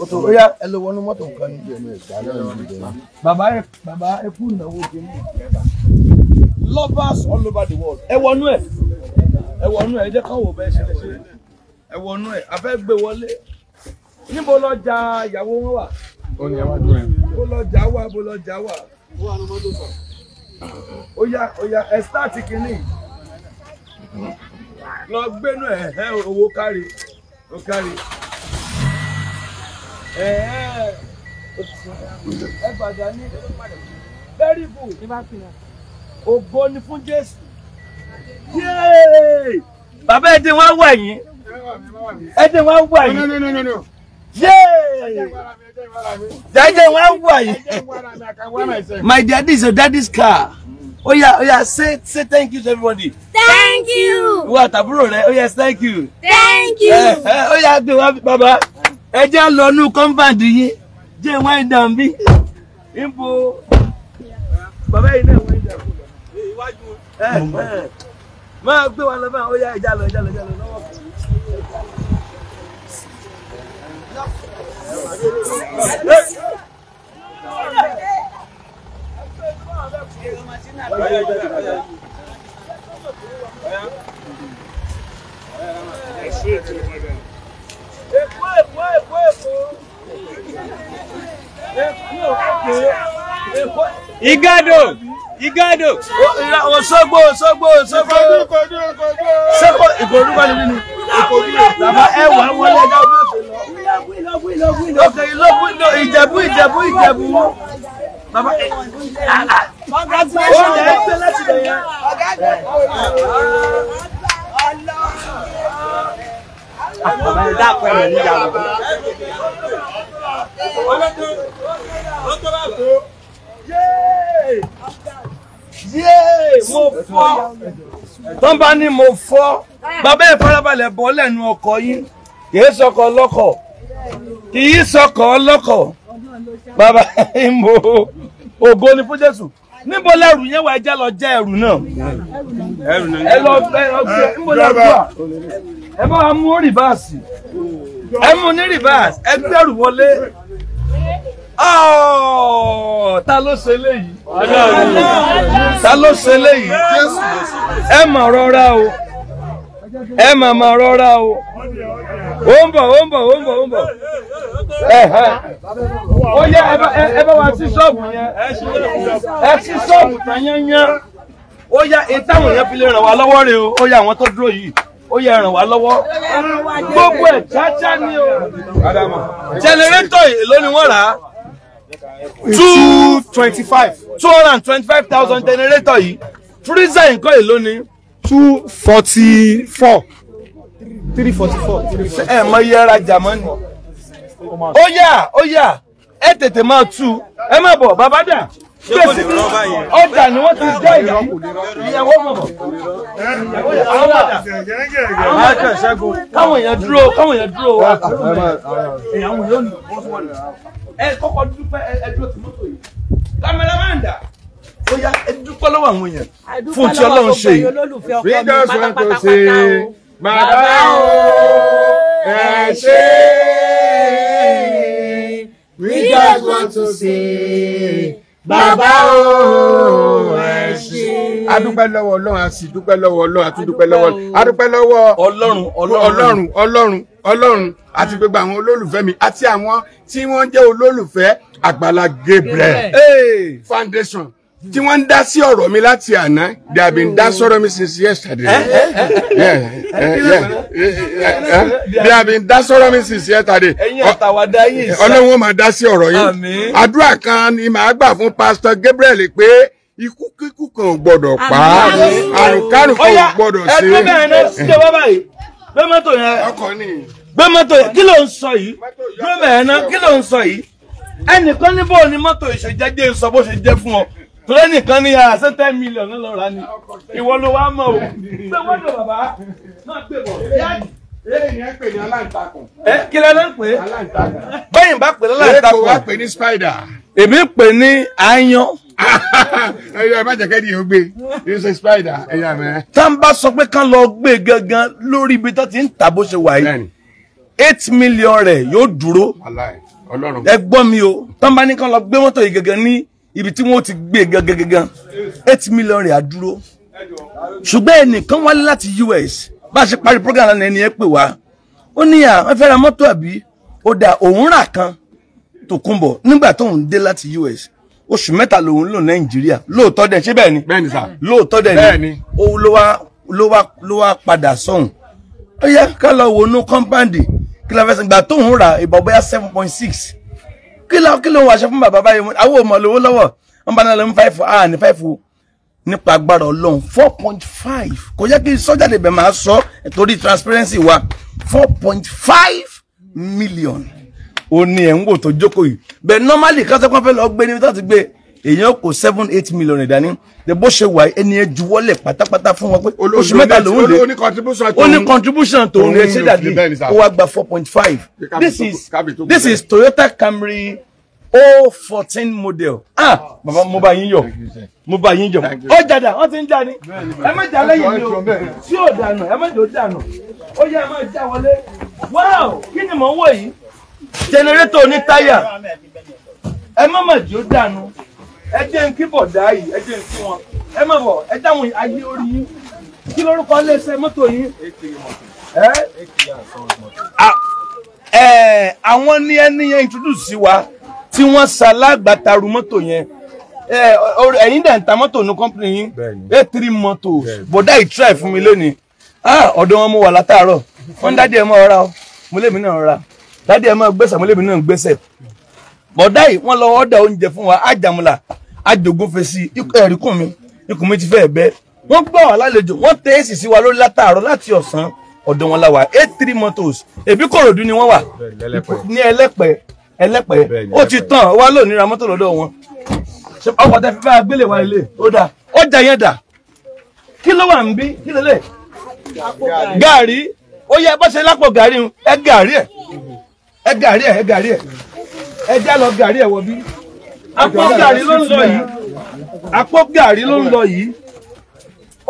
Oto oya ẹ lọ wọnú mọ́tò nǹkan ní ìjẹ̀mú ẹ̀gbá náà ní ìjẹ̀mú. Bàbá ẹ bàbá ẹ kú ìnáwó ti mú. Lovers all over the world. Ẹ wọnú ẹ̀. Ẹ wọnú ẹ̀ ẹ jẹ́ káwọ̀ bẹ́ẹ̀ ṣe ṣe. Ẹ wọnú ẹ̀ a fẹ́ gbé wọlé. Níbo lọ́jà ìyàwó wọn wà? Ó ní ẹwà dúró ẹ̀. Bó lọ́jà wà bó lọ́jà wà. Oya oya ẹ start kínní. Lọ gbénú ẹ̀ owó kárí ó kárí. Eh, eh. ẹ gbàgbà ní very good ògo ni fún Jésù yéé bàbá ẹ dín wọn wà yín ẹ dín wọn Yay! yín yéé jẹjẹ wọn wà yín my daddy's a daddy's car. Oh yeah, oh yeah. say say thank you to everybody. thank you. ìwọ àtàbúrò rẹ ó oh, yá thank you. thank you. Eh, eh, oh yeah, do, wá uh, baba. ẹ jẹ́ lọ inú compound yín jẹ́ wine down bí nbo bàbá yìí náà wine down iwájú eh, máa gbé wa lọ báyìí ó yá ẹ já lọ ẹ já lọ ẹ já lọ Hey! Èkó èkó èkó èkó. Èkó èkó èkó. Igado Igado. Òṣogbo Òṣogbo Òṣogbo. Ìkòdú Ìkòdú. Sẹ́kọ̀ Ìkòdú bá níbí ni. Ìkòdú làbá ẹ̀wà o, ẹja ọdún òṣèlú. Ìlọ́gbìn Ìlọ́gbìn Ìlọ́gbìn Ìjẹ̀bú Ìjẹ̀bú Ìjẹ̀bú bàbá eh, ah, ah. ẹ congratulations ẹ pé láti bẹ̀ yẹn. bàbá ẹ dákun ẹ̀rọ níjà lọ. yéé mo fọ́ tó bá ní mo fọ́ bàbá ẹ farabalẹ̀ bọ́ lẹ́nu ọkọ̀ yín kì í sọkọ̀ ọlọ́kọ̀ kì í sọkọ̀ ọlọ́kọ̀ bàbá ẹ mo ògo ni fún Jésù níbo lẹrù yẹn wà ẹjẹ lọ jẹ ẹrù náà ẹrù náà ẹ lọ ẹ lọ gbé níbo lẹrù wà ẹ bá wa mú rìbáàsì ẹ mú ní rìbáàsì ẹ gbé ẹrù wọlé oh, ta ló ṣe léyìí ta ló ṣe léyìí ẹ mọ̀ rọra o ẹ mà mà rọra o ó ń bọ̀ ó ń bọ̀ ó ń bọ̀ ó ń bọ̀ ó yẹ ẹ bá wa sí ṣọ́ọ̀bù yẹn ẹ sí ṣọ́ọ̀bù tán yẹn yẹn ó yá ìtàwọn yẹn fi lè ràn wá lọ́wọ́ rè o ó yá àwọn tó dúró yìí ó yẹ ràn wá lọ́wọ́ gbogbo ẹ̀ jájá ni o jẹnẹrétọ̀ èló ni wọ́n rà á two twenty five two hundred and twenty five thousand jẹnẹrétọ̀ yìí freezer nǹkan èló ni two forty four three forty four. ẹ mọ iye ara jàmọ́ ni ó yà ó yà ẹ tètè máa tú ẹ má bọ̀ bàbá dà gbèsè ní ọjà ni wọ́n ti dá ìyá ìyàwó mọ̀ àwọn àjọ ìṣẹ́gun káwọn èèyàn dúró káwọn èèyàn dúró èèyàn wò yóò nù ẹ kọ́kọ́ dúpẹ́ ẹ dúró tìmọ́tò yìí kámẹ́rámẹ́ndà ó yá ẹ dúpẹ́ lọ́wọ́ àwọn èèyàn fún ti ọlọ́run ṣe yìí. freedom sọ tó ṣe bàbá o ẹ ṣe freedom sọ tó ṣe bàbá o ẹ ṣe. a dúpẹ́ lọ́wọ́ ọlọ́run a sì dúpẹ́ lọ́wọ́ ọlọ́run a tún dúpẹ́ lọ́wọ́ a dúpẹ́ lọ́wọ́ ọlọ́run ọlọ́run ọlọ́run ọlọ́run àti gbogbo àwọn olólùfẹ́ mi àti àwọn tí wọ́n jẹ́ olólùfẹ́ Àgbàlá Gabriel foundation tí wọ́n ń dá sí ọ̀rọ̀ mi láti àná they have been dá sọ̀rọ̀ mi since yesterday. they have been dá sọ̀rọ̀ mi since yesterday. ẹ̀yin àtàwádá yìí sá. ọlọ́run máa dá sí ọ̀rọ̀ yìí. àdúrà kan ni màá gbà fún pásítọ̀ Gabriel pé ikú kíkú kan ò gbọ́dọ̀ pa á àrùn kárùn kan ò gbọ́dọ̀ sí. ẹgbẹ́ bẹ́ẹ̀ náà ṣe bábà yìí gbé mọ́tò yẹn gbé mọ́tò yẹn kí ló ń sọ yìí gbé bẹ́ẹ̀ náà kí ló ń sọ yìí ẹnìkan níbo ni mọ́tò ìṣèjẹ́jẹ́ sọ bó ṣe jẹ́ fún ọ torí nìkan ní àṣẹ ah, ten million náà lọ́ra ni ìwọ ló wá mọ̀ o ṣé wọ́n lò bàbá náà gbé bọ̀ èyí ni ẹ pè ní aláǹtakùn. ẹ kí lẹ náà pè é aláǹtakùn. bẹ́yìn bá pè lálàǹtakùn. èkó wa pè ní spider. èmi pè ní aáyán. ẹyọ má jẹ́ kẹ́ni yóò gbé yóò ṣe spider ẹyọ mẹ́. tá n bá sọ pé kán lọ gbé gangan lórí ibi tó ti ń tà bó ṣe wà yìí eight million rẹ̀ yóò dúró. ẹ gbọ́ mi o tá n bá ní kán lọ gbé mọ́tò yìí gangan ní ibi tí wọ́n ti gbé gangan eight million rẹ̀ àdúró ṣùgbọ́n ẹnìkan wálé láti US bá a ṣe parí program náà ẹni ẹ pè wá ó ní à ẹ fẹ́ ra mọ́tò àbí ó dà òun rà kan Tòkunbọ̀ nígbà tóun dé láti US oṣù mẹ́ta lòun lò Nàìjíríà lóòótọ́ dẹ̀ ṣé bẹ́ẹ̀ ni bẹ́ẹ̀ ni sà lóòótọ́ dẹ̀ ni ó ló wá ló wá ló wá padà sọ́hùn ó yẹ ká lọ wọnú kọ́ńpáǹdì kí la fẹ́ gbà tóun rà ìbọ̀ seven point six kí ló kí ló wọ aṣọ fún bàbá báyìí àwọn ọmọ lówó lọ́wọ́ wọn bá náà lọ ní five ah ní five nípa agbára Ọlọ́run four point five kò yẹ kí sọ́jà lè bẹ̀ máa sọ torí transparency wa four point five million ó ní ẹ̀ ń wò tó jókòó yìí bẹ́ẹ̀ normally kásán kan fẹ́ lọ gbé níbi tó ti gbé èèyàn kò seven eight million ìdání de bó ṣe wà ẹni ẹ juwọ́lẹ̀ pátápátá fún wọn pé oṣù mẹ́ta lòún lè ó contribution tòun ní ẹṣẹ́ dàbí ó wá gba four point five this is this is Toyota Camry o oh fourteen model ah bàbá mo bá yín yọ̀ mo bá yín yọ̀ ó jàdà wọ́n ti ń jà ní ẹ má jà lẹ́yìn mi o tí ò dànù ẹ má jò dànù ó yẹ ẹ má jà wọlé wow kí ni mò ń wò yìí jẹnẹrétọ̀ oní táyà ẹ má mà jò dànù ẹ jẹ́ ń kí bọ̀dá yìí ẹ jẹ́ ń kí wọn ẹ má bọ̀ ẹ dáhùn ayé orí yín kí lórúkọ iléeṣẹ́ mọ́tò yín. àwọn ní ẹni yẹn introduce sí wa tí wọ́n ṣalágbàtàrú mọ́tò yẹn ẹ̀yin dẹ̀ ń ta mọ́tò ní company yín a three motors bọ̀dá yìí try fún mi lónìí ọ̀dọ̀ wọn mo wà látàárọ̀ wọ́n dádì ẹ̀ mọ́ ọ̀ra o mo lèmi náà ra dádì ẹ̀ mọ́ gbèsè mo lèmi náà gbèsè bọ̀dá yìí wọ́n lọ ọ̀dà oúnjẹ fún wa àjàmùlà àjògùn fèsì ẹ̀ríkùn mi ikùn mi ti fẹ́ bẹ́ wọ́n gbọ́ wà lálejò wọ́n tẹ́ èsì sí wa lórí látàárọ̀ láti ọ̀sán ọ̀dọ̀ wọn la wà eight three motors èbí kòròdú ni wọ́n wà ní ẹlẹ́pẹ̀ ẹlẹ́pẹ̀ ó ti tàn wá lónìí ra mọ́tò lọ́dọ̀ wọn ọkọ̀ tẹ fífẹ́ agbélé wa ilé ó dà ọjà yẹn dà kí ló wà ń bí kí lélẹ̀ gàrí ó yẹ bọ́sẹ̀ lápò gàrí ẹ gàrí ẹ ẹ gàrí ẹ ẹ gàrí ẹ ẹjẹ́ lọ gàrí ẹ̀wọ̀ bí. àpò gàrí ló ń lọ yìí àpò gàrí ló ń lọ yìí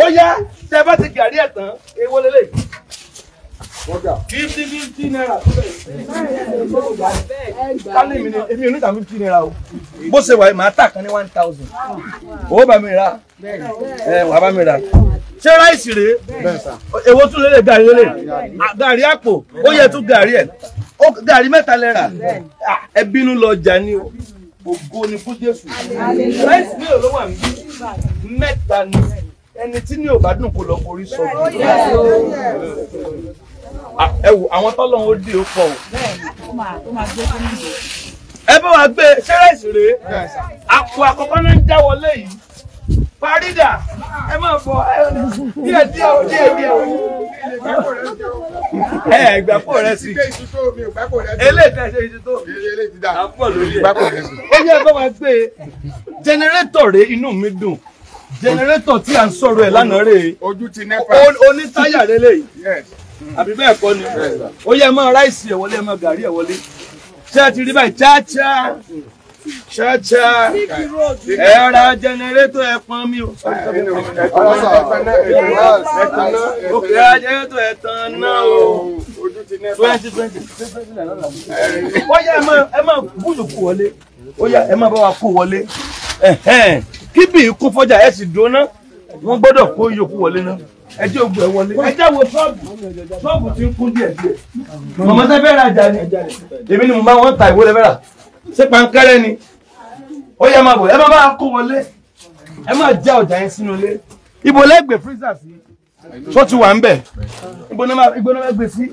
ó yá tẹ bá ti gàrí ẹ̀ tán èwo lélẹ̀ fifty fifty naira kálí mi ni èmi ò ní ta fifty naira o bó ṣe wà yìí màá tà kan ní one thousand owó bá mi rà ẹ wà bá mi rà ṣé ráìsì rèé èwo tún lè gàrí lè ah, gàrí àpò ó yẹ tún gàrí ẹ gàrí mẹ́ta lẹ́ra ah, ẹ bínú lọ jà ní o ògo ni fún Jésù ráìsì ní olówó àmì mẹ́ta ni ẹni tí ní ò bá dùn kó lọ forí sọ ah, ẹ wò àwọn tọ́lọ́run ó dì ó o ẹ bá wa gbé ṣé ráìsì rèé àpò àkọ́kọ́ náà ń já wọlé yìí. Parida, é máa bọ̀ díẹ̀ díẹ̀ o dia, díẹ̀ o. Ẹ gbàpọ̀ rẹ sí. Eléyìí tẹ̀ ṣe ìṣètò. Àpọ̀ lórí ẹ̀. Ó yẹ kó máa gbé e. jẹnẹrétọ̀ rẹ inú mi dùn jẹnẹrétọ̀ tí a ń sọ̀rọ̀ ẹ̀ lánàá rè é. Ojú ti nẹ́pà. Onítáyà rẹ lè yìí. Àbí bẹ́ẹ̀ kọ́ ni. Ó yẹ máa ráìsì ẹ̀ wọlé ẹ̀ máa gàrí ẹ̀ wọlé. Ṣé ẹ ti rí báyìí? ṣáṣá ẹ ra jẹnẹrétọ̀ ẹ pọn mi o. òkè ajẹnẹrétọ̀ ẹ tan náà o. twenty twenty bóyá ẹ máa kúlù kú wọlé bóyá ẹ máa bá wa kú wọlé kíbi kún fọjà ẹ sì dúró náà wọn gbọ́dọ̀ kó yòókù wọlé náà ẹjẹ ogun ẹ wọlé ẹjẹ wo ṣọ́ọ̀bù ṣọ́ọ̀bù ti ń kún díẹ̀ díẹ̀ mọmọ tẹ fẹ́ ra ajá ni èmi ni mo máa wọn ta ìwé rẹ rà ṣé pankẹ́rẹ́ ni ó yẹ máa bọ̀ ẹ máa bá kó wọlé ẹ máa já ọjà yẹn sínú ilé ibo lẹ́gbẹ̀ẹ́ freezer sí tó ti wà ń bẹ̀ ìgbóná bá gbé sí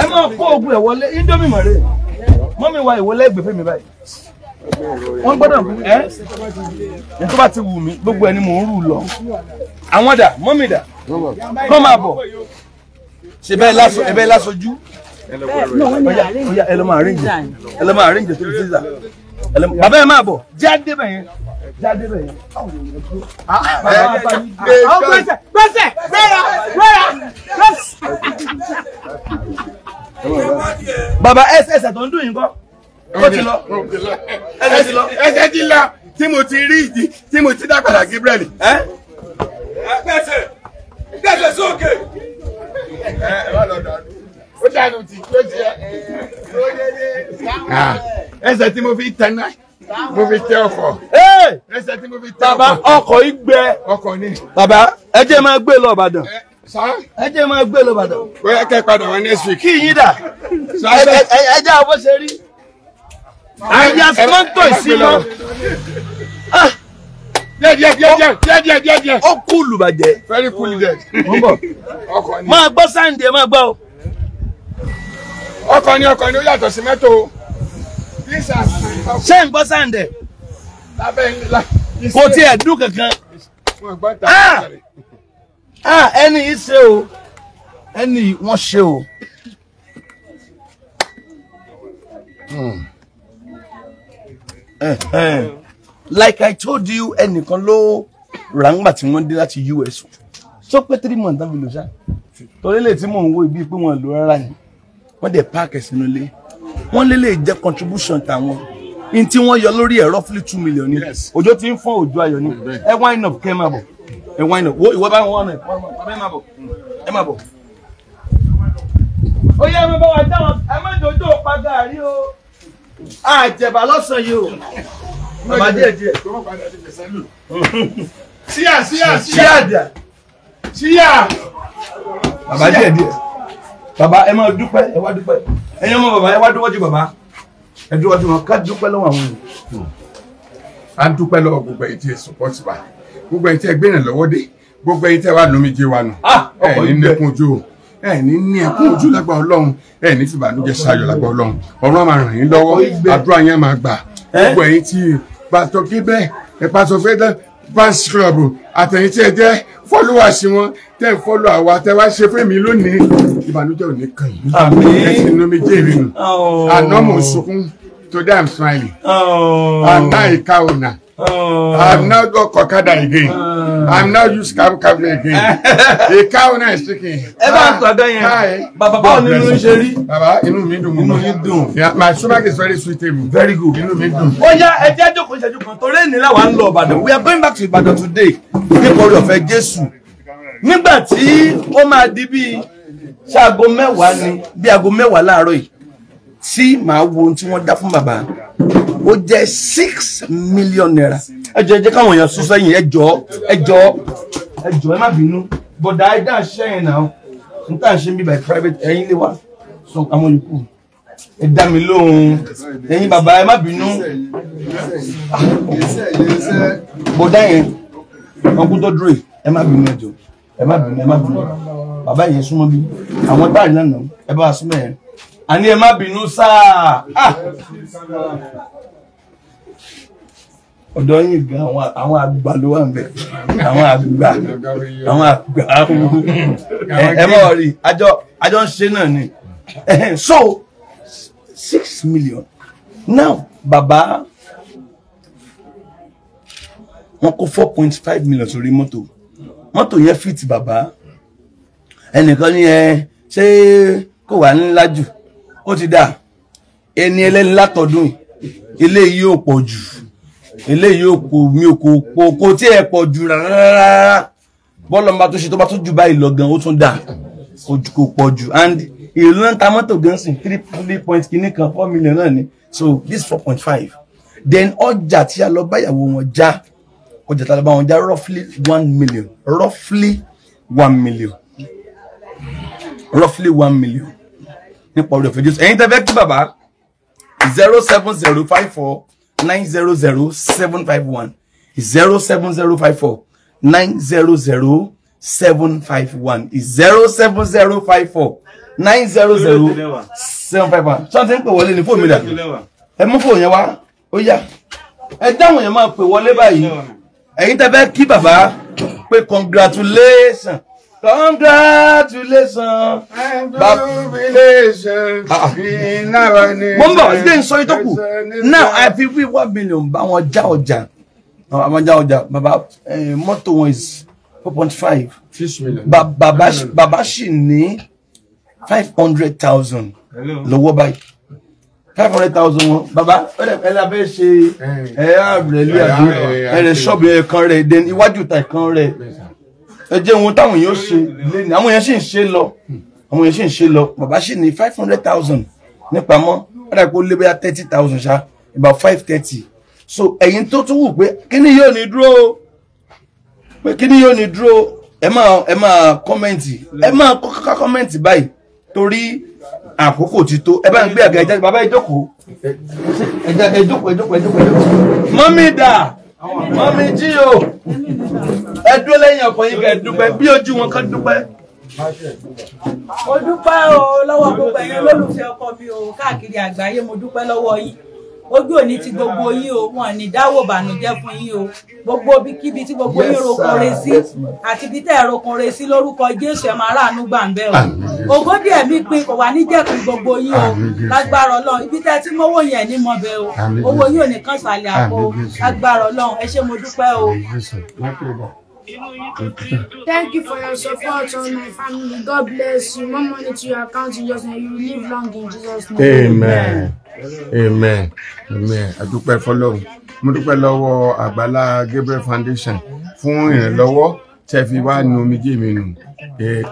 ẹ máa kó ogun ẹ̀ wọlé indomie mọ̀rẹ́ mọ́mí wa ìwọ lẹ́gbẹ̀ẹ́ fẹ́mi báyìí wọ́n gbọ́dọ̀ ẹ́ ní tó bá ti wù mí gbogbo ẹ̀ ni mò ń rù lọ àwọn dà mọ́mí dà kọ́ máa bọ̀ ṣe bẹ́ẹ̀ lásojú ẹ lọ máa arrange ẹ lọ máa arrange tó freezer bàbá ẹ máa bọ̀ jáde bẹ̀yẹn jáde bẹ̀yẹn. Ah, ah, àwọn gbèsè gbèsè gbéra gbéra bàbá ẹsẹ̀ ẹsẹ̀ tó ń dùn yín kọ́ ó ti lọ ẹsẹ̀ ti lọ ẹsẹ̀ ti la tí mo ti rí ìdí tí mo ti dápadà Gabriel. gbèsè gbèsè sókè. ẹ ẹ wà lọ dàdú ó dànù tí ló jẹ ah, ah, ẹsẹ̀ tí mo fi tẹ̀ náà mo fi tẹ ọkọ̀. ẹsẹ̀ tí mo fi tẹ ọkọ̀. bàbá ọkọ̀ yìí gbẹ. ọkọ̀ ni. bàbá ẹ jẹ́ máa gbé lọ Ìbàdàn. Eh, ẹ jẹ́ máa gbé lọ Ìbàdàn. wẹ́ẹ́ kẹ́ padà wá next week. kí yín dà ẹ jẹ́ àwọn bó ṣe rí. àyà sọ́ńtò ìsinmi. díẹ̀ díẹ̀ díẹ̀ díẹ̀ díẹ̀ díẹ̀ díẹ̀. ó kúlù bàjẹ́. very cool díẹ̀. máa gbọ́ sáǹdì ẹ máa gbọ́ o ọkọ ni ọkọ ni ó yàtọ̀ sí mẹ́tò ṣé ń gbọ́ sáǹdẹ̀ kò tiẹ̀ dùn kankan ah! Ah, ẹni yìí ṣe o ẹni yìí wọ́n ṣe o. Hmm. Eh, eh. like I told you ẹnìkan ló rà ńgbà tí wọ́n dé láti US tó pé three months dábìlì ṣá torí lè tí mò ń wo ibi pé wọ́n lò rárá yẹn wọ́n dẹ̀ páàkì sínú ilé wọ́n lé lè jẹ́ contribution tàwọn in tí wọ́n yọ lórí ẹ̀ roughly two million ni òjò ti ń fọ́n òjò ayọ̀ ni ẹ wine up kẹ́ máa bọ̀ ẹ wine up wo ìwọ bá wọn ẹ ẹ máa bọ̀ ẹ máa bọ̀. ó yẹ mi bá wa dáhùn ẹ má dojú òpa gàárì o àjẹbà lọ́sàn yìí o màmá díẹ̀ díẹ̀. síyà síyà síyà síyà. bàbá díẹ̀ díẹ̀ bàbá ẹ máa dúpẹ́ ẹ wá dúpẹ́ ẹ̀yin ọmọ bàbá ẹ wá dúpẹ́ ju bàbá ẹ dúpẹ́ ju wọn ká dúpẹ́ lọ́wọ́ àwọn èèyàn. a dúpẹ́ lọ́wọ́ gbogbo ẹ̀yin tí ẹ support wa gbogbo ẹ̀yin tí ẹ gbé ìrànlọ́wọ́ dé gbogbo ẹ̀yin tí ẹ wà lómi jẹ́ wa nù ah, ẹ̀yin nẹ́kún ojú o ẹni ní ẹkún ojú lágbà Ọlọ́run ẹni tí ìbànújẹ́ ṣayọ̀ lágbà Ọlọ́run ọ̀run á máa ràn yín lọ́wọ́ àdúrà yẹn máa gbà gbogbo ẹ̀yin tí pásítọ̀ kébẹ pásítọ̀ fẹdẹ pásítọ̀ àtẹ̀yìn tí ẹ followers wọn tẹ́ ń follow àwa tẹ́ wá ṣe fẹ́mi lónìí ìbànújẹ́ ò ní kàn yín ẹ̀sìn inú mi jẹ́ ìrìnnà oh. àná mò ń sunkún today I'm smiling oh. àná ìka ọ̀nà. Oh. I'm not go Kokada again. Oh. I'm not use Cam Cam again. The cow now is speaking. Ẹ bá sọ ah. dán yẹn. Bàbá báwo ni inú ṣe rí? Bàbá inú mi dùn. Inú mi dùn. my stomach is very suitable. Very good. Inú mi dùn. Ó yá ẹ jẹ́ jókòó ìṣẹ́jú kan torí ènìyàn làwa ń lọ Ìbàdàn. We are going back to Ìbàdàn today nítorí ọ̀fẹ́ Jésù. Nígbà tí ó máa di bíi ṣáago mẹ́wàá ni bíi aago mẹ́wàá láàárọ̀ yìí tí màá wo ohun tí wọ́n dá fún bàbá ó jẹ́ six million naira ẹ jọ̀ọ́ ẹ jẹ́ káwọn èèyàn sún sẹ́yìn ẹ jọ̀ọ́ ẹ jọ̀ọ́ ẹ jọ̀ọ́ ẹ má bínú bọ̀dà ẹ dá ṣẹ́ yẹn náà n tà ń ṣe mí by private ẹ̀yin lè wá sọ àwọn yòókù ẹ dá mi lóhùn ẹ̀yin bàbá ẹ má bínú bọ̀dà yẹn ọkùn tó dúró ẹ má bínú ẹ jọ̀ọ́ ẹ má bínú ẹ má bínú bàbá yẹn súnmọ́ bí àwọn táàrí náà ẹ bá wa súnmọ́ yẹn àní ẹ má bínú sáà ah! ọ̀dọ̀ yìí gan àwọn àgbà ló wà nbẹ̀ àwọn àgbà àwọn àgbà ẹ mọ̀ rí àjọ àjọ ń ṣe náà ni so six million now Baba. wọn kó four point five million sórí mọ́tò mọ́tò yẹn fìtì bàbá ẹnìkan ní ẹ ṣé kò wà ní lájù ó ti dà ẹni ẹlẹ́ni látọ̀dún ilé yìí ò pọ̀ jù ilé yìí ò pọ̀ mi ò kò pọ̀ kò tí ẹ̀ pọ̀ jù rárá bọ́ọ̀lù ọmọ tó ṣe tó bá tún jù báyìí lọ gan ó tún dà kò pọ̀ jù and ìlú náà ta mọ́tò gan sí three point kìíní kan four million náà ni so this four point five then ọjà tí a lọ báyàwó wọn já ọjà tí a lọ bá wọn já roughly one million roughly one million roughly one million nípa orí ọ̀fẹ́ jésù ẹ̀yin tẹ́ fẹ́ kí bàbá zero seven zero five four nine zero zero seven five one zero seven zero five four nine zero zero seven five one zero seven zero five four nine zero zero seven five one ṣé wọ́n ti ń pè wọlé ní fóònù mi dà ẹ mú fóònù yẹn wá ó yá ẹ dáhùn yẹn máa pè wọlé báyìí ẹ̀yin tẹ́ fẹ́ kí bàbá pé congratulations congratulations. congratulations. Ah, ah. mo ń bọ̀ ṣé n sọ ìtọ́kù now i fi wí one million bá wọn já ọjà àwọn já ọjà bàbá eh, mọ́tò wọn is four point five bàbá sì ní five hundred thousand lọ́wọ́ báyìí five hundred thousand wọn bàbá ẹ la fẹ́ ṣe ẹ ẹ àbúrẹ́lẹ́ àbúrẹ́ ẹ rẹ ṣọ́ọ̀bù ẹ kan rẹ iwájú ta kan rẹ ẹ jẹ́ ohun táwọn èèyàn ṣe lẹ́nu àwọn èèyàn sì ń ṣe lọ àwọn èèyàn sì ń ṣe lọ bàbá sì ní five hundred thousand nípamọ́ ọ̀dà kó lé bóyá thirty thousand ṣá about five thirty so ẹ̀yin tó tún wù pé kíní yóò ní dúró pé kíní yóò ní dúró ẹ máa ẹ máa kọ́mẹ̀ntì ẹ máa kọ́kọ́ kọ́mẹ̀ntì báyìí torí àkókò ti tó ẹ bá ń gbé àga ìjáde bàbá ìjókòó ẹ jókòó ẹ jókòó ẹ jókòó mọ́mí dà mọ́mí jí o ẹ dúró lẹ́yìn ọkọ yín kẹ́ dúpẹ́ bí ojú wọn kàn dúpẹ́. mo dúpẹ́ o lọ́wọ́ gbogbo ẹ̀yin olólùfẹ́ ọkọ mi o káàkiri àgbáyé mo dúpẹ́ lọ́wọ́ yín ojú òní ti gbogbo yín o wọn ní dáwọ́ ìbànújẹ́ fún yín o gbogbo kíbi tí gbogbo yín rokun re sí àti bí tẹ́ ẹ̀ rokun re sí lórúkọ Jésù ẹ̀ máa ráàánú gbà ń bẹ̀ o ògódì ẹ̀mí pin kò wá ní jẹ̀kùn gbogbo yín o lágbára Ọlọ́run ibi tẹ́ ti mọ́wọ́ yẹn ní mọ́ o owó yín ò ní kàn sàlẹ̀ àpò lágbára Ọlọ́run ẹ ṣé mo dúpẹ́ o. Thank you for your support on oh, my family. God bless you. More money to your account in Jesus' name. You live long in Jesus' name. Amen. Amen. Amen. Adúpẹ́ fọlọ́run. Mo dúpẹ́ lọ́wọ́ Àgbàlá Gabriel Foundation fún ìrànlọ́wọ́ tẹ́ fi wá nu omijé mi nù.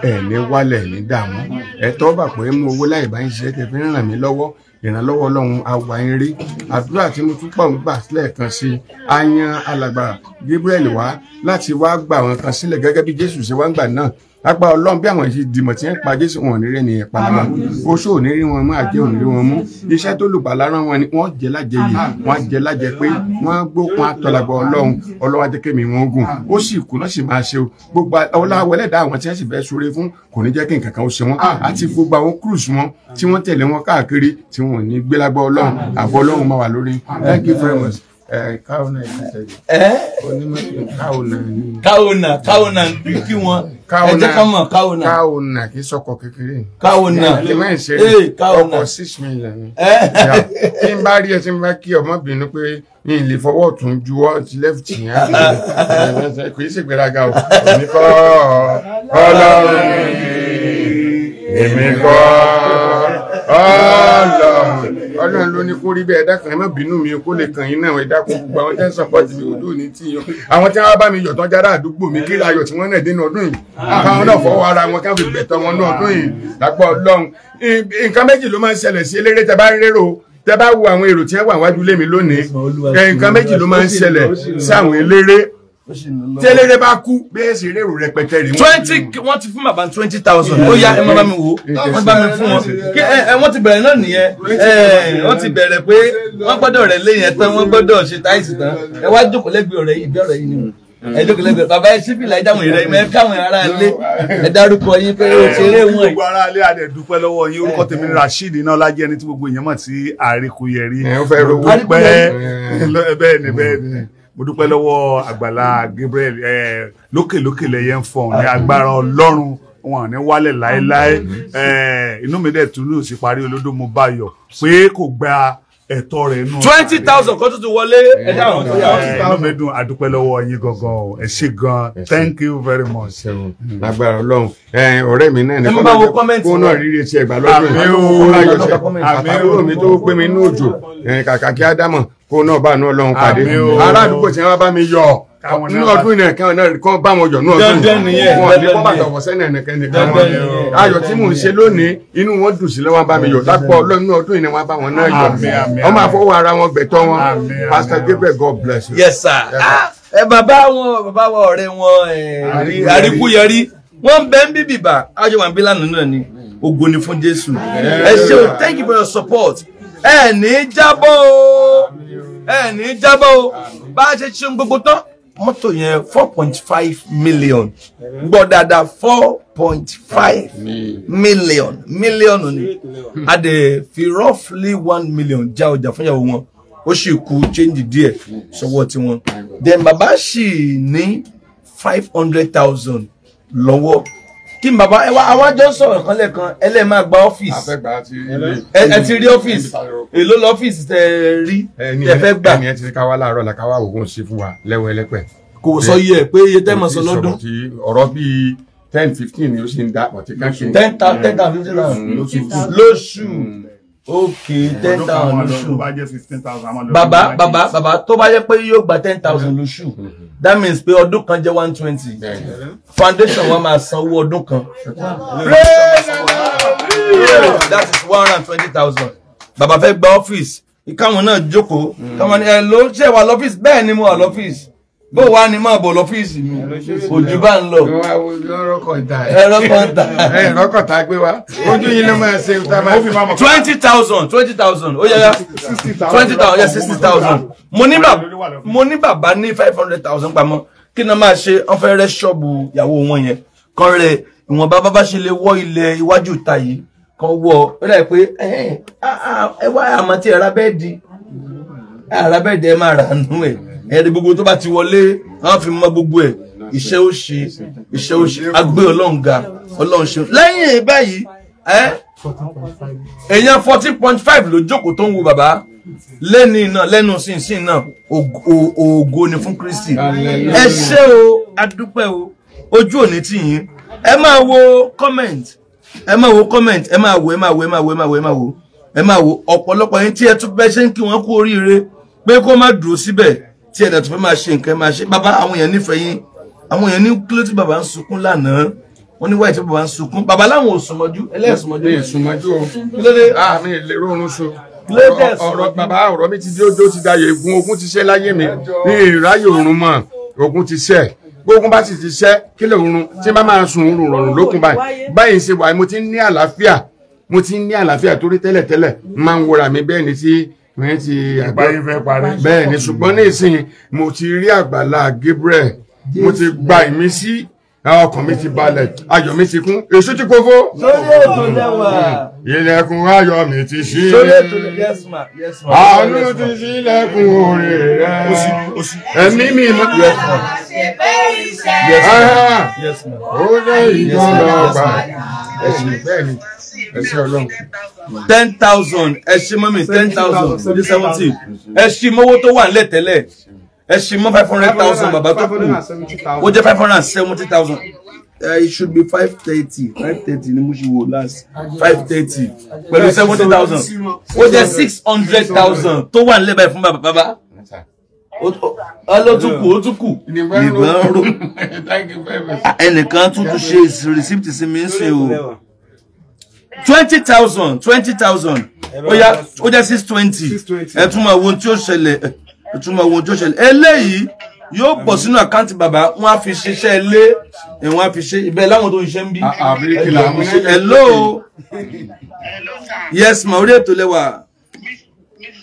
Ẹ ní wálẹ̀ ní dààmú. Ẹ tọ́ bà pé mú owó láì bá ń ṣiṣẹ́ tẹ́ fi ràn mí lọ́wọ́ ìrànlọ́wọ́ ọlọ́run àwa ń rí àdúrà tí mo túpọ̀ ń gbà lẹ́ẹ̀kan sí i a yan alàgbà Gabriel wá láti wá gbà wọn kan sílẹ̀ gẹ́gẹ́ bí Jésù ṣe wá ń gbà náà apá ọlọ́run bí àwọn ìṣe dìmọ̀ tí ń pa jésù wọn ní rẹ̀ ní ẹ̀pá wọn oṣó ò ní rí wọn mú àjẹ́ ò ní rí wọn mú iṣẹ́ tó lùpà lára wọn ni wọ́n jẹ́ lájẹ yìí wọ́n jẹ́ lájẹ pé wọ́n gbókun àtọ̀làgbọ̀ ọlọ́run ọlọ́wà jẹ́ kémi wọn gùn ó sì kú náà sì máa ṣe o gbogbo ọláwọ ẹlẹ́dàá àwọn tí wọ́n sì fẹ́ súre fún kò ní jẹ́ kí nǹkan kan ó ṣe wọn àti gbogbo àwọn cruise wọn tí wọ́n tẹ̀lé wọn káàkiri tí wọn ò ní gbélágbá ọlọ́run àbọ̀ ọlọ́run máa wà lórí thank you very much káwọn náà ní káwọn náà ní káwọn náà kí wọn ẹ jẹ́ ká mọ̀ káwọnà káwọnà kì í sọkọ kékeré káwọnà ee káwọnà ọkọ̀ six million ni kí eh. n bá rí ẹ tí n bá kí ọmọbìnrin pé mi lè fọwọ́ tún ju ọ́ ti left yẹn kò í ṣègbéraga o èmi kọ́ ọlọ́run èmi kọ́ ọlọ́run. Ọlọ́run ló ní kó rí bẹ́ẹ̀ dákun ẹ má bínú mi kó lè kàn yín náà ẹ dákun gbogbo àwọn tẹ́ ń sọpọ́tì mi òdú ní tí yan àwọn tí wọ́n bá mi yọ̀tán jára àdúgbò mi kí ayọ̀ tí wọ́n náà dénú ọdún yìí àwọn náà fọwọ́ ara wọn káfí gbẹ̀tọ́ wọn náà ọdún yìí lápá Ọlọ́run nǹkan méjì ló máa ń ṣẹlẹ̀ sí eléré tẹ bá ń rérò tẹ bá wo àwọn èrò tí wọ́n wà wájú lé mi lónìí nǹkan méjì ló máa ń ṣẹlẹ̀ sí eléré tẹ́lẹ̀rẹ́ bá kú. bẹ́ẹ̀ sì rẹ́rù rẹpẹtẹ rí. twenty wọ́n ti fún bàbá twenty thousand ó yá ẹ má bá mi wò ó wọ́n bá mi fún wọn ẹ wọ́n ti bẹ̀rẹ̀ náà nìyẹn wọ́n ti bẹ̀rẹ̀ pé wọ́n gbọ́dọ̀ rẹ̀ léyìn tán wọ́n gbọ́dọ̀ ṣe táìsì tán ẹ wá jókòó lẹ́gbẹ̀ẹ́ ọ̀rẹ́ yìí bí ọ̀rẹ́ yìí ni wọ́n ẹ jókòó lẹ́gbẹ̀ẹ́ bàbá ẹ síbi láì dáhùn ìrẹ́ ìmọ̀ ẹ káwọn ará ilé ẹ dárúkọ yín pé o ṣeré wọn. gbogbo ará ilé adẹ dúpẹ́ lọ́wọ́ yín orúkọ tèmi ni Rasheed Ináolájí mo dúpẹ́ lọ́wọ́ àgbàlá Gabriel lókè lókè lẹyẹ ń fọhùn ní agbára Ọlọ́run wọn ní wálẹ̀ láéláé inú mi dẹ̀ tún lù sí parí olódó mo bá yọ̀ pé kò gba ẹ̀tọ́ rẹ̀ nù. twenty thousand kó tuntun wọlé ẹ̀dá àwọn tó yà wọ́n. inú mi dùn àdúpẹ́ lọ́wọ́ yín gangan o ẹ ṣé gan thank you very much. Mm. lágbára Ọlọ́run ọ̀rẹ́ mi náà ní kọ́mẹ́ntì kó náà rírí etí ẹ̀gbá lọ́dún yìí kó náà yọ̀ṣẹ̀ àtàkùn mi tó gbé mi ní òjò kàkà kí òun náà bá àánú ọlọ́run pàdé ará àdúgbò tí wọ́n bá mi yọ nínú ọdún yìí kan náà bá wọn yọ̀ nínú ọdún yìí wọn ní kọ́ bàtà wọ̀ sẹ́nà ẹ̀nìkan nìkan wọn ayọ̀ tí mò ń ṣe lónìí inú wọn dùn sí lọ́wọ́ bá mi yọ̀ lápò nínú ọdún yìí wọn bá wọn náà yọ̀ wọn máa fọwọ́ ara wọn gbẹ̀tọ́ wọn Pastor Gabriel God bless you. yes sir ah, ẹ bàbá wọn bàbá wọn ọ̀rẹ́ wọn àríkúyẹrí wọn bẹ ń bíbí bá àjọ wà ń bí lánàá náà ni ògo ni fún Jésù ẹ ṣeun thank you for your support ẹ ní jábọ́ o ẹ ní jábọ́ o bá a ṣe ṣe gbogbo tán mọ́tò yẹn four point five million gbọ́ four point five million mílíọ̀nù ni a dẹ̀ fi roughly one million já ọjà fún ìyàwó wọn ó sì kú change díẹ̀ sọ́wọ́ tiwọn then bàbá sì ní five hundred thousand lọ́wọ́ kí n bàbá àwa jọ sọ̀rọ̀ kan lẹ́ẹ̀kan ẹ lẹ́ẹ̀ máa gba ọ́fíìsì ẹ ti rí ọ́fíìsì èló lọ́fíìsì tẹ rí tẹ fẹ́ gbà. ẹni ẹ ti ká wá láàárọ̀ la ká wá òògùn sí fún wa lẹ́wọ̀ ẹlẹ́pẹ̀. kò sọ yẹ pé iye tẹ́ mọ̀ sọ lọ́dún. ọ̀rọ̀ bíi ten fifteen ni ó sì ń dà pọ̀ tí ká ṣe. ten thousand fifteen mm, lóṣù mm okay ten thousand lóṣù baba, baba. bàbá tó bá yẹ pé yóò gba ten thousand mm-hmm. lóṣù mm-hmm. that means pé ọdún kan jẹ́ one twenty mm-hmm. foundation wa máa san owó ọdún kan that is one hundred and twenty thousand Baba, fẹ́ gba ọ́fíìsì káwọn náà jókòó káwọn ẹ̀ ló ṣe wà lọ́fíìsì bẹ́ẹ̀ ni mo wà lọ́fíìsì bó wàá ní máa bọ̀ lọ́fíìsì mi ojú bá ń lọ. ẹ̀rọ kọ̀ọ̀tà ẹ̀rọ kọ̀ọ̀tà ẹ̀rọ kọ̀ọ̀tà pé wá ojú yìí ló máa ṣe ta máa fi máa mọ̀. twenty thousand twenty thousand ó yẹra twenty thousand yẹ sixty thousand mo ní bàbá ní five hundred thousand pamọ́ kí ni máa ṣe wọ́n fẹ́ rẹ́ ṣọ́ọ̀bù ìyàwó wọn yẹn kan rẹ̀ ìwọ̀nba bàbá ṣe lè wọ́ ilẹ̀ iwájú ta yìí kan wọ́ ó dà pé ẹ wá àmọ́ tí ẹ ra bẹ́ẹ̀ di ara bẹ́ẹ̀ di ẹ máa rà nù ẹ̀ ẹni gbogbo tó bá ti wọlé wọn fi mọ gbogbo ẹ iṣẹ́ ó ṣe iṣẹ́ ó ṣe agbé Ọlọ́run ga Ọlọ́run ṣe lẹ́yìn báyìí èèyàn fourteen point five ló jókòó tó ń wo bàbá lẹ́ni náà lẹ́nu sínsìn náà ògo ni fún Kristi ẹ ṣé o adúpẹ́ o ojú òní tì yín ẹ máa wo comment ẹ máa wo comment ẹ máa wo ẹ máa wo ẹ máa wo ẹ máa wo ẹ máa wo ẹ máa wo ọ̀pọ̀lọpọ̀ yín tí ẹ tún bẹ́ ṣe ń kí wọ́n kú oríire pé kó má dúró síbẹ̀ tí ẹ̀dá tó fẹ́ máa ṣe nǹkan máa ṣe bàbá àwọn èèyàn nífẹ̀ẹ́ yín àwọn èèyàn ní kíló tí bàbá ń sunkún lánàá wọ́n ní wáyé tí bàbá ń sunkún bàbá láwọn ò sùnmọ́jú ẹlẹ́sùnmọ́jú. mi ì sùnmọ́jú o kílódé. àmì ah, ìlérò oorun so ọ̀rọ̀ bàbá ọ̀rọ̀ mi ti dé ojú ti dayè egun ogun ti ṣẹ́ láyé mi ní ìráyè òrun mọ̀ ogun ti ṣẹ́ gbógun bá sì ti ṣẹ́ kílẹ̀ òrun tí bá máa sun òrùn rọ̀rùn lókun báyìí báyìí ṣe wà mo ti ń ní àlàáfíà mo ti ń ní àlàáfíà torí tẹ́lẹ̀tẹ́lẹ̀ ìyẹn ti àgbáyé fẹ́ parí bẹ́ẹ̀ ni ṣùgbọ́n ní ìsìn mo ti rí àgbàlá Gabriel mo ti gba ìmísí ọkàn mi ti balẹ̀ ayọ̀ mi ti kún èṣù ti kófó. sórí ètò lẹ́wà. ilẹ̀kùn ayọ̀ mi ti ṣí. sórí ètò lẹ́sùmá. àánú ti ṣí ilẹ̀kùn oore rẹ̀. ẹ̀mí mi mọ. ó jẹ́ ìjọba ọgbà. ẹ̀sìn bẹ́ẹ̀ ni ten thousand ẹṣin mọ́mí ten thousand twenty seventy ẹṣin mọ́wó tó wà nílẹ̀ tẹ́lẹ̀ ẹṣin five hundred thousand bàbá tó kù ó jẹ́ five hundred and seventy thousand it should be five thirty five thirty ni mo ṣe wò last five thirty pẹ̀lú seventy thousand ó jẹ́ six hundred thousand tó wà nílẹ̀ báyìí fún bàbá ọlọ́túnkù ó tún kù ìbọn rò ẹnìkan tuntun ṣe receipt sí mi ń sìn o twenty thousand twenty thousand Oya, oya, six twenty ẹ tún máa wo ohun tí ó ṣẹlẹ̀ ẹ tún máa wo ohun tí ó ṣẹlẹ̀ eléyìí yóò pọ̀ sínú àkáǹtì bàbá wọn á fi ṣiṣẹ́ ilé wọn á fi ṣe ibẹ̀ láwọn tó ń ṣe ń bí. hello yes ma orí ètò lẹ́wà.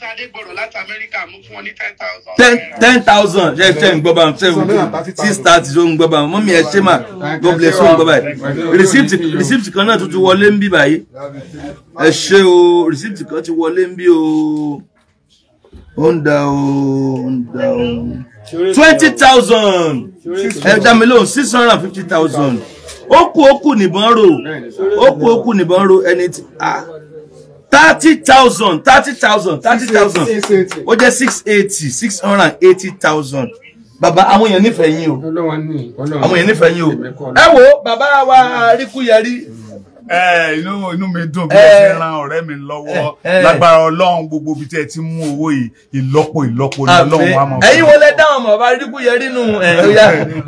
Sade gbòòrò láti Amẹ́ríkà mú fún ọ ní ten thousand. ten ten thousand ṣe ṣe ń gbọ́ bá ṣe ń gbọ́ six thirty ṣe ń gbọ́ bá mọ́mí ẹ ṣe mà God bless ṣe ń gbọ́ báyìí receipt receipt kan náà tún ti wọlé ń bí báyìí ẹ ṣe o receipt kan ti wọlé ń bí o ó ń da o ó ń da o twenty thousand ẹ dá mi lóhùn six hundred and fifty thousand ó kú ó kú nìbọn ro ó kú ó kú nìbọn ro ẹni tí a. Ah thirty thousand thirty thousand thirty thousand ó jẹ́ six eighty six hundred and eighty thousand bàbá àwọn èèyàn nífẹ̀ẹ́ yín o àwọn èèyàn nífẹ̀ẹ́ yín o ẹ wo baba wa Àríkúyẹrí inú inú mi dùn bí ẹ ti ran ọ̀rẹ́ mi lọ́wọ́ lágbára Ọlọ́run gbogbo ibi tí ẹ ti mú owó yìí ìlọ́po ìlọ́po ni Ọlọ́run wa mọ. ẹ̀yin wo lẹ dáhùn ọmọ ọba Àríkúyẹrí nù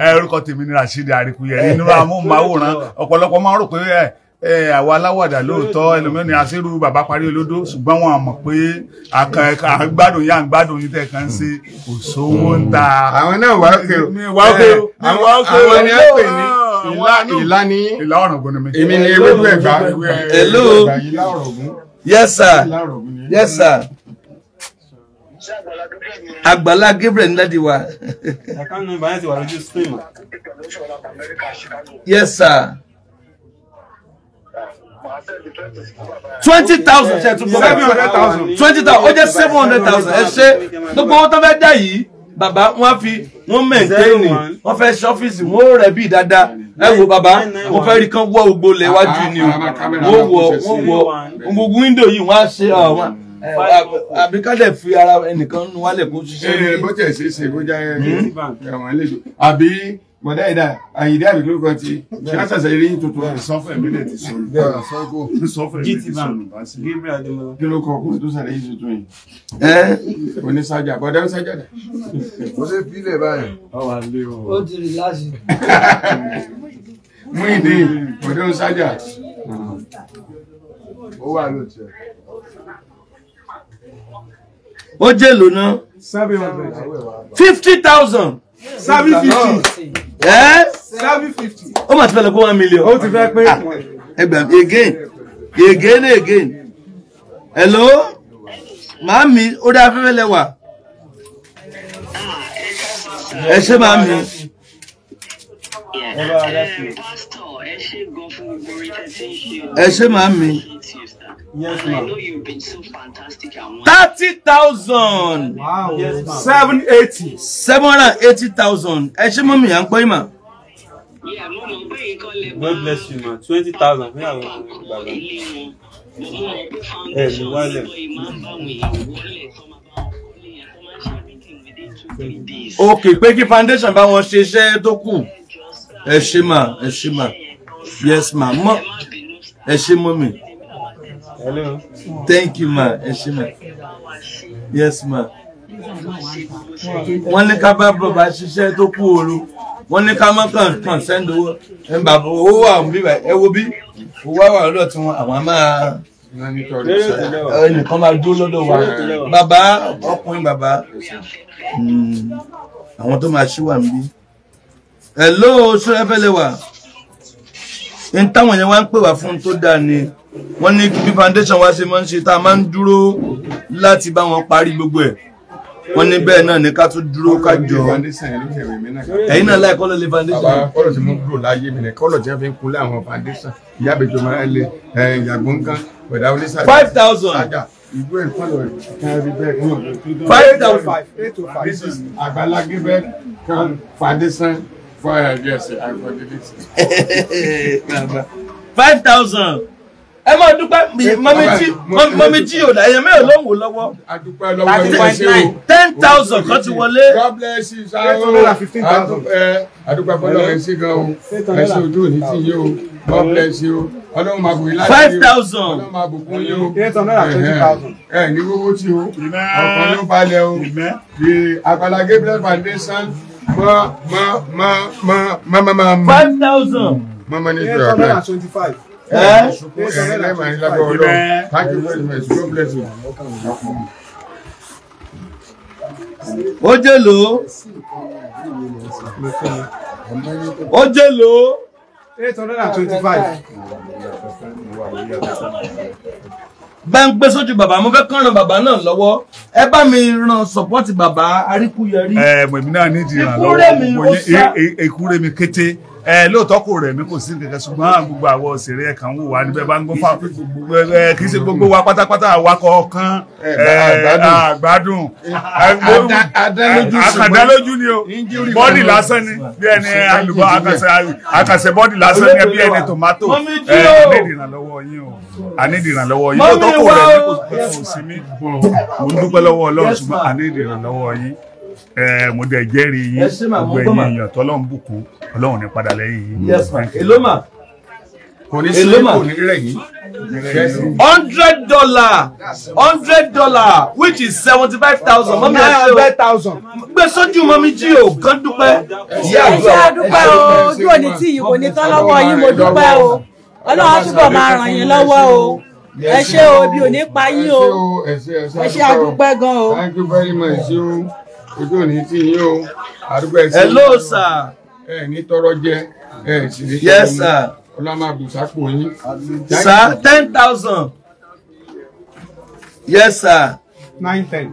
ẹ orúkọ tèmi ni Rasheed Àríkúyẹrí nínú amóhùnmáwòrán ọ̀pọ̀lọpọ̀ máa ń rò pé àwa aláwàdà lóòótọ́ ẹlòmíràn àṣírù bàbá parí olódó ṣùgbọ́n wọn mọ̀ pé àgbádùn yá àgbádùn yìí tẹ̀kan sí kò sówó ń ta. àwọn náà wá òkè o wá òkè o àwọn ni wọ́n pè ní ìlà ní ìlà ọ̀rọ̀gùn mi. èmi ni ewédú ẹ̀gbá hello yes sir yes sir àgbàlá Gabriel ńládi wa. yes sir twenty thousand ṣe tún gbọ́ seven hundred thousand twenty thousand ó jẹ́ seven hundred thousand ẹ ṣe gbogbo owó tó fẹ́ dá yìí bàbá wọ́n fi wọ́n mẹ̀ntẹ́ẹ̀nì wọ́n fẹ́ ṣe ọ́fíìsì wọ́n rẹ̀ bí dáadáa ẹ wo bàbá wọ́n fẹ́ rí kán wọ́ ògbó lẹ̀ wájú ni o wọ́n wọ wọ́n wọ gbogbo wíńdò yìí wọ́n á ṣe àwọn ah, eh, àbí ká lè fi ara ẹnìkan nu wálẹ̀ kó ṣiṣẹ́ eh, ní. ẹ bọ́tẹ̀ ṣe é ṣe kó já hmm? ẹ ẹ̀wọ̀n ẹlẹ́dọ̀ àbí bọ̀dá ìdá àyìndé àbí lórúkọ ti ṣáṣàṣà eré yìí tuntun rẹ̀. sọfẹ̀ mi lè ti sọ̀rọ̀ bẹ́ẹ̀ sọ́kò sọfẹ̀ mi ti sọ̀rọ̀ bá sí. gabriel adémọlá. kí ló kọ ọkùnrin tó sàlẹ̀ yìí tuntun yìí. ẹ onísàjà bọ̀dá onísàjà dà. mo ṣe fílẹ̀ báyìí. ọwọ́ àlẹ́ o. ó ti rí láti. mú ìdí bọ̀dá onísàjà. ó wà lóòtú ẹ. ó jẹ́ lónà. seven fifty thousand sábì fifty. Eh? sábì fifty. ó mà ti fẹ́ lọ kó one million. ó ti fẹ́ pé. Ah, ẹgbẹ́ again again again hello màámi ó dá afẹ́fẹ́ lẹ́wà ẹ ṣé màámi. ẹ ṣé màámi. Yes, ma'am. I know you've been so fantastic at once. Thirty thousand. Wow. Yes, ma'am. Seven eighty. Seven hundred and eighty thousand. Ẹ ṣé mọ́mí à ń Yeah, mommy, mọ̀ pé ìkan lè God bless you, ma. Twenty thousand. Fún àwọn ọmọ ìgbà náà. Mo mọ̀ foundation ìbọn ìmọ̀ ń bá àwọn èèyàn wọlé tó foundation bá Yes, ma. Ẹ ṣé Hello. Thank you, ma. Yes, ma. Yes, ma. Wọ́n ní ká bá bàbá ṣiṣẹ́ tó kú ooru. Wọ́n ní ká má kàn kàn sẹ́ńdì owó. Ẹ bàbá owó wà ń bí báyìí. Ẹ wo bí? Owó wà lọ́dọ̀ tí wọ́n àwọn máa. Ẹnìkan máa dúró lọ́dọ̀ wa. Bàbá ọkùnrin bàbá. Hmm. Àwọn tó máa ṣí wà ń bí. Hello, ṣé ẹ fẹ́ lè wà? N táwọn yẹn wá ń pè wá fún tó dáa ni wọ́n ní bí foundation wa ṣe máa ń ṣe tá a máa ń dúró láti bá wọn parí gbogbo ẹ̀ wọ́n ní bẹ́ẹ̀ náà ní ká tún dúró ká jọ ẹ̀yin náà láì kọ́lọ̀ lé foundation. bàbá kọ́lọ̀ tí mo dúró láyé mi nìkan kọ́lọ̀ tí wọ́n fi ń kunlé àwọn foundation ìyá àbẹ̀jọ máa ń lé ìyàgbọ́n kan pẹ̀lú àwọn oníṣàlẹ̀. five thousand. ìlú ẹ̀ kọ́lọ̀ kan rí bẹ́ẹ̀ kan. five thousand. Oh oh àgbàlagé bẹ́ẹ̀ kan foundation five thousand ẹ máa dúpẹ́ mọ̀mẹ́jì ò dá ẹ̀yẹ́mẹ́ ò ló ń wò lọ́wọ́ thirty point nine ten thousand kan ti wọlé. God bless you sáà gan o ẹ̀ ojú òní tí yé o God bless you ọlọ́run máa bùkún láti five thousand ọlọ́run máa bùkún yín o ẹ ní owó tí o ọkàn ló balẹ̀ o the Agbala Gabriel Foundation mọ mọ mọ mọ mọ mọ mọ five thousand mọ mọ ní ìtura bẹ́ẹ̀ ó jèlò ó jèlò eight hundred and twenty-five. bá ń gbé sójú bàbá mo fẹ́ kàn ràn bàbá náà lọ́wọ́ ẹ bá mi ràn sọ́pọ́tì bàbá aríkúyẹrí. ẹ mọ̀ èmi náà nídìí ìrànlọ́wọ́ èkúrẹ́ mi kete. ẹ lóòótọ́ kò rẹ̀ mí kò sí kẹ̀kẹ́ ṣùgbọ́n gbogbo àwọn òṣèré ẹ̀kan wò wá níbẹ̀ bá ń kì í ṣe gbogbo wa pátápátá àwakọ̀ ọ̀kan àgbádùn ni o bọ́dì lásán ni bí ẹni àkàṣẹ bọ́dì lásán ni bí ẹni tòmátò yín o yín lóòótọ́ kò rẹ̀ mí kò sí mi mo ń dúpẹ́ lọ́wọ́ Ọlọ́run ṣùgbọ́n yín ẹ mo dẹ̀ jẹ́rìí yín gbogbo ẹ̀yin èèyàn tọ́lọ́run bùkún Ọlọ́run ní padà lẹ́yìn yín. eloma kò hundred dollar hundred dollar which is seventy five thousand mọ́mí àti hundred thousand. gbé sójú mọ́mí jí o kàn dúpẹ́. ìyá àdúpẹ́ o ojú òní tí ìwò ní tán lọ́wọ́ yín mo dúpẹ́ o Ọlọ́run túbọ̀ máa ràn yín lọ́wọ́ o ẹ ṣé o ibi ò ní pa yín o ẹ ṣé àdúpẹ́ gan o. thank you very much ojú òní tí yín o àdúgbò ẹ sí. hello sir. ẹ ní tọrọ jẹ ẹ sì ní tọrọ mu ọlámàdùn sápò yín. sir ten thousand. yes sir. nine ten.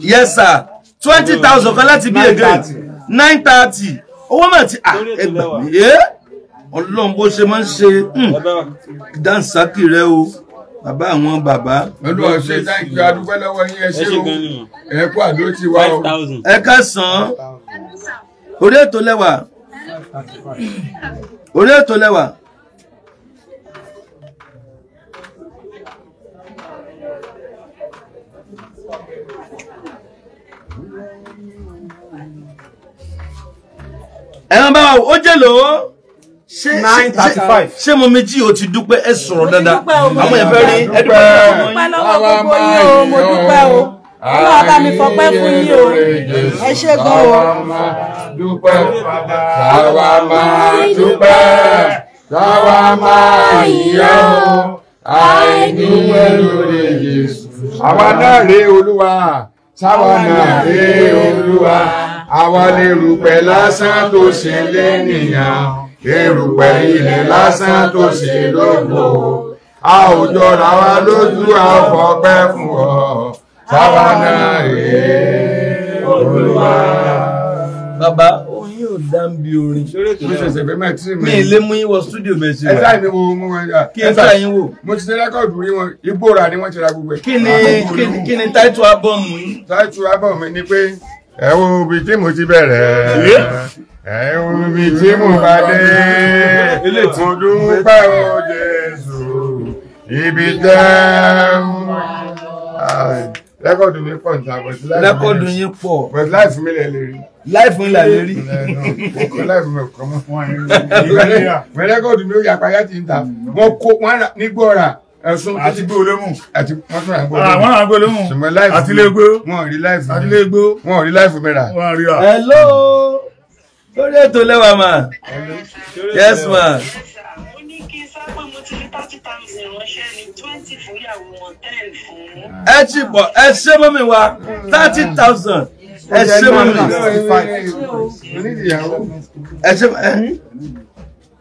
yes sir twenty thousand kan láti bí again nine thirty owó mà ti à ẹgbàá mi ọlọ́run bó ṣe máa ń ṣe hmm. dánsákì rẹ o bàbá àwọn bàbá. olúwa ṣe dáńkì adúgbò lọ́wọ́ yín ẹ o ẹ àdó ti wá o. ẹ kásán orí ètò lẹ́wà orí ètò lẹ́wà. ẹ̀rọ bá wà ó jẹ́ lòó nine thirty five. ṣé mo méjì o ti dúpẹ́ ẹ sọ̀rọ̀ dáadáa àwọn ẹ̀fẹ́ rí ẹ̀dúpẹ́ lọ́wọ́ gbogbo yín o mo dúpẹ́ o olú àbá mi fọpẹ́ fún yín o ẹ ṣe gan o. dúpẹ́ sáwa máa dúpẹ́ sáwa máa yẹ o àìdúpẹ́ lórí Jésù. àwa náà rèé olúwa sáwa náà rèé olúwa àwa lè rúpẹ́ lásán tó ṣe lẹ́nìyàn erùpẹ̀ ilẹ̀ lásán tó ṣe lógo a ò jọra wa lójú àfọpẹ́ fún ọ sábà náà rèé olúwa. bàbá oyin yóò dá ń bi orin. sórí ètò ìṣẹ̀ṣẹ̀ fẹ́ máa mi. mi ilé mú yín stúdíò bẹ́ẹ̀ sí wa. ẹ̀sà ni mo mú wọn yà. Ah, kí ẹ̀sà yín wò. mo ti ṣe rẹ́kọ̀dù rí wọn ìgbóra ni wọ́n ti ra gbogbo ẹ̀. kí ni ah, kí ni táìtù ábọ̀mù yín. táìtù ábọ̀mù mi ni pé ẹ wo ibi tí mo ti bẹ̀rẹ̀ ẹ wo ibi tí mo bá dé mo dúpẹ́ o Jésù ibi tẹ́ rẹ́kọ̀dù mi pọ̀ níta bọ̀ sí láìpẹ́ rẹ́kọ̀dù yín pọ̀ But life láìpẹ́ mi lè rí láìpẹ́ mi lè rí láìpẹ́ mi kọ́ mọ́ fún wa yín rẹ́kọ̀dù mi ó yà payá ti ń ta wọ́n kó wọn nígbọ́ra ẹ̀sùn àti gbé olómù àti ah, wọ́n tún àgbó olómù àwọn àgbó olómù ṣùgbọ́n láìfù àti léegbó wọn rí láìfù àti léegbó wọn rí láìfù mẹ́ra. wọn hello lórí ètò lẹ́wà mà yes ma. ẹ ti bọ̀ ẹ ṣé mọ́mi wa thirty thousand ẹ ṣé mọ́mi. ẹ ṣé mọ́mi.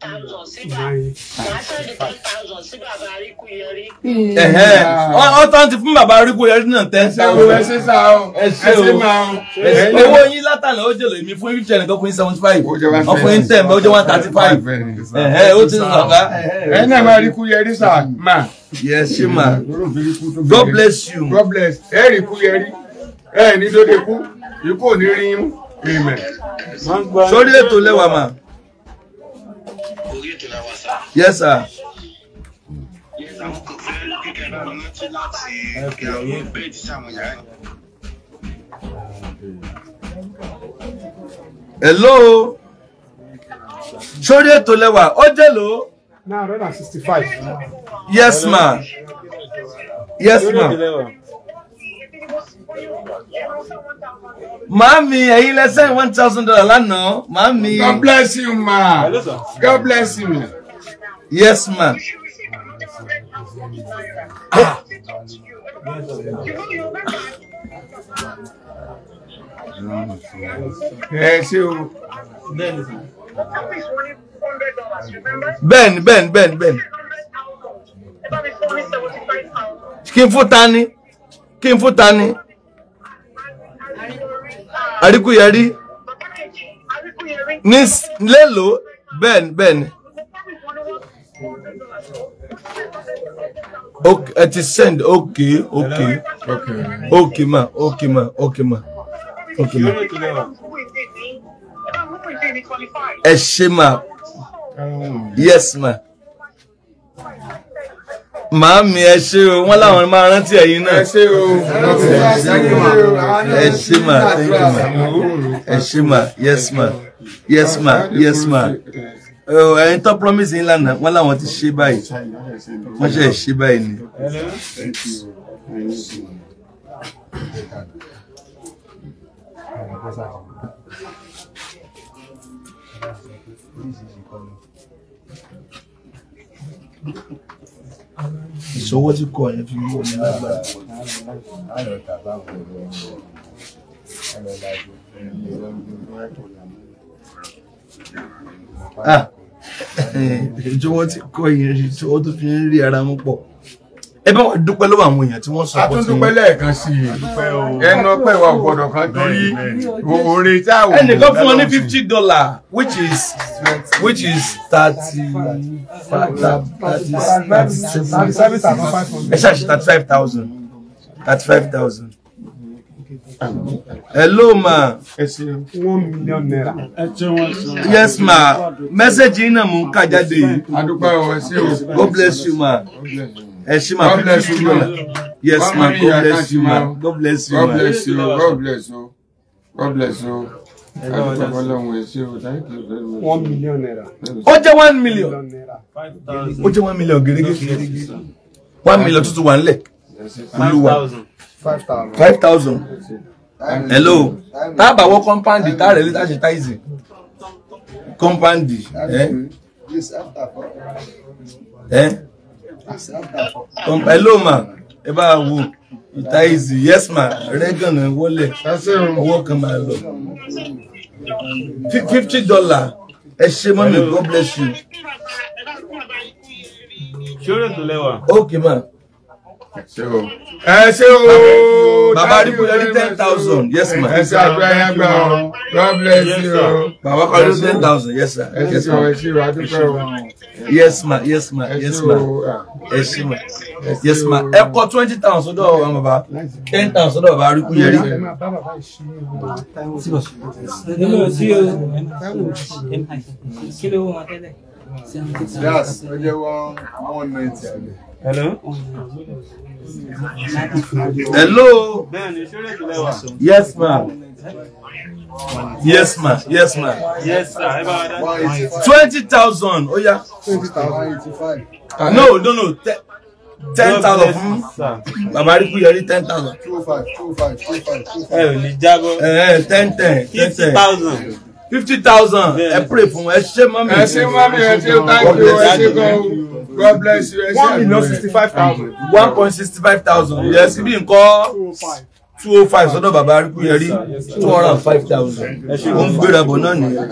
thousand sí bàbá màá sẹ́ndì ten thousand sí bàbá aríkú yẹrí. wọ́n tán ti fún bàbá aríkú yẹrí náà ten thousand. ẹ ṣe sá o ẹ ṣe o owó yín látàlẹ́ ó jèlò èmi fún ìjẹ̀lẹ̀ tó fún yín seventy five ọkùnrin tẹ̀ mẹ́ ó jẹ́ one thirty five ó ti sọ̀ká. ẹ náà máa ríkú yẹrí sá ma. yes ṣe ma God bless you. God bless ẹ ríkú yẹrí ẹ ní dóde kú ikú ò ní rí yín. Amen. sórí ètò lẹ́wà máa yes sir. hello sórí tolewa. lẹ́wà ó jẹ́ lò yes ma'am. yes ma'am. Mami, are you less than one thousand dollar lánàá. Mami. God bless you ma. God bless you. Yes ma. Ah. Ẹ you, Ben. Ben, Ben, Ben, bẹ́ẹ̀ni. Kí n fún ta ni? Kí àríkúyẹrí nis lelo ben ben Okay, it is send. Okay, okay, okay, okay, ma, okay, ma, okay, ma, okay, ma. Ẹ ṣé ma, um. yes ma màámi ẹ ṣé o wọn làwọn máa rántí ẹ̀yin náà. ẹ ṣé o ẹ ṣé ma thank you ma ẹ ṣé ma yes ma yes ma yes ma ẹ̀yin tó promise yín lánàá wọn làwọn ti ṣe báyìí wọn ṣe ṣe báyìí ni. Thank you ìṣọwọ́ tí kọ yẹn fi mú omi lágbára. Ah, ìṣọwọ́ tí kọ yẹn ìṣọwọ́ tó fi ń rí ara mú pọ̀ ẹ bá dúpẹ́ lọ́wọ́ àwọn èèyàn tí wọ́n sọ pé. àtúndúpẹ́ lẹ́ẹ̀kan sí i ẹnu ọpẹ́ wa gbọ́dọ̀ kan torí oore tá a wò. ẹnìkan fún ọ ní fifty dollar which is which is thirty five ṣáà ṣe thirty five thousand thirty five thousand. Hello ma. Yes ma. Mẹ́sẹ̀gì yín náà mò God bless you ma ẹ ṣí ma fifty two dollar yes ma god bless you ma god bless you god bless you god bless you god bless you. One million naira. Ó one million. Ó jẹ́ one million One million tuntun wà nílẹ̀. Olúwa. Five thousand. Hello. Tá a bá wọ kọ́mpáǹdì tá a rẹ̀ lé tá a ṣe táìsì pẹ̀lú mà ẹ bá wò ìta ìzì yes ma rẹ́gànnà wọlé ọwọ́ kan máa lọ fifty dollar ẹ ṣe mọ́mí god bless you. Okay, man ẹ ṣe o baba adigun lórí ten thousand yes ma. ẹ ṣe àdúrà yẹn gbà ọ God bless you baba kan lórí ten thousand yes ma. ẹ ṣe o ẹ ṣe o adúpẹ́ yes ma yes ma yes ma ẹ ṣe ma yes ma ẹ kọ twenty thousand sọ́dọ̀ wa baba ten thousand sọ́dọ̀ baba adigun yẹn rí. nínú sí o one ninety. Hello. Hello. Yes, ma'am. Yes, ma'am. Yes, ma'am. Yes, sir. Twenty thousand. Oh yeah. Twenty thousand No, no, no. Te ten thousand fún bàbá aríkú yọrí ten thousand. two five two five two five Hey, five. ẹ ò ten ten ten ten. fifty thousand. fifty thousand I pray for ẹ ṣe mọ́mí. ẹ ṣe mọ́mí ẹ thank you God bless you. one million sixty-five thousand. one point sixty-five thousand. yes ibi nǹkan. two oh five two oh five sọ́dọ̀ bàbá Àríkúyẹrí two hundred and five thousand ó ń gbéra bọ̀ náà nìyẹn.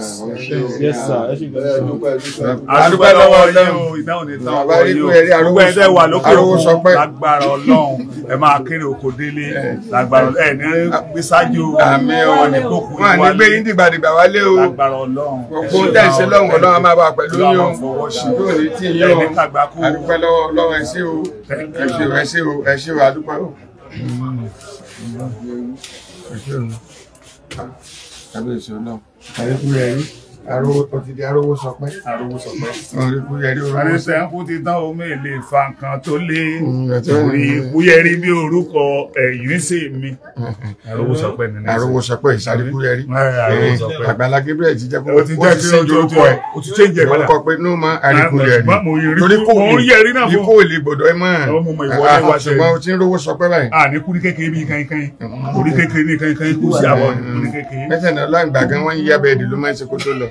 adúpẹ́ lọ́wọ́ Ọlọ́run ìdáhùn ní táwọn ọkọ yìí o gbogbo ẹ̀dẹ́ wà lókè òkun lágbára Ọlọ́run ẹ máa kéré oko délé lágbára Ọlọ́run ẹ ní gbèsájú wọn ní kókó ìwálé wọn ní gbé yín dìgbàdìgbà wálé o lágbára Ọlọ́run gbogbo ń tẹ̀sí lọ́wọ́ Ọlọ́run a máa bá pẹ̀lú yín o yóò ní tí yín o adúpẹ́ lọ́wọ́ Ọlọ́run ẹ ṣé o ẹ ṣé o ẹ ṣé o adúpẹ́ o. Mm ẹ kí òun kábíyèsí ọlọ́run. àríkú rẹ̀ rí arówó tó ti di arówó sọpẹ́. arówó sọpẹ́. àníṣe kú ti tán omi èlé fa nǹkan tó lé orí kúyẹ́rí bí orúkọ ẹ̀yìn sí mi. arówó sọpẹ́ nínú ẹsẹ̀. arówó sọpẹ́ ìsáré kúyẹ́rí. Àgbàlá Gabriel ti jẹ́ kó o ti ṣe orúkọ ẹ̀ o ti ṣe ìjẹ́ padà orúkọ pé ní o máa àríkúyẹ́rí torí kò ní ikú èlé gbọ́dọ̀ ẹ mọ́ ẹ̀ ah, ah, ṣùgbọ́n o ti ń rówó sọpẹ́ báyìí. àní ah, kúrí kékeré bí kankan kúrí kékeré ní kankan kú sí àwọn kúrí kékeré. mẹ́tẹ̀ẹ̀nà láǹgbà gan wọ́n ń yá bẹ́ẹ̀ dì ló máa ń ṣe kó tó lọ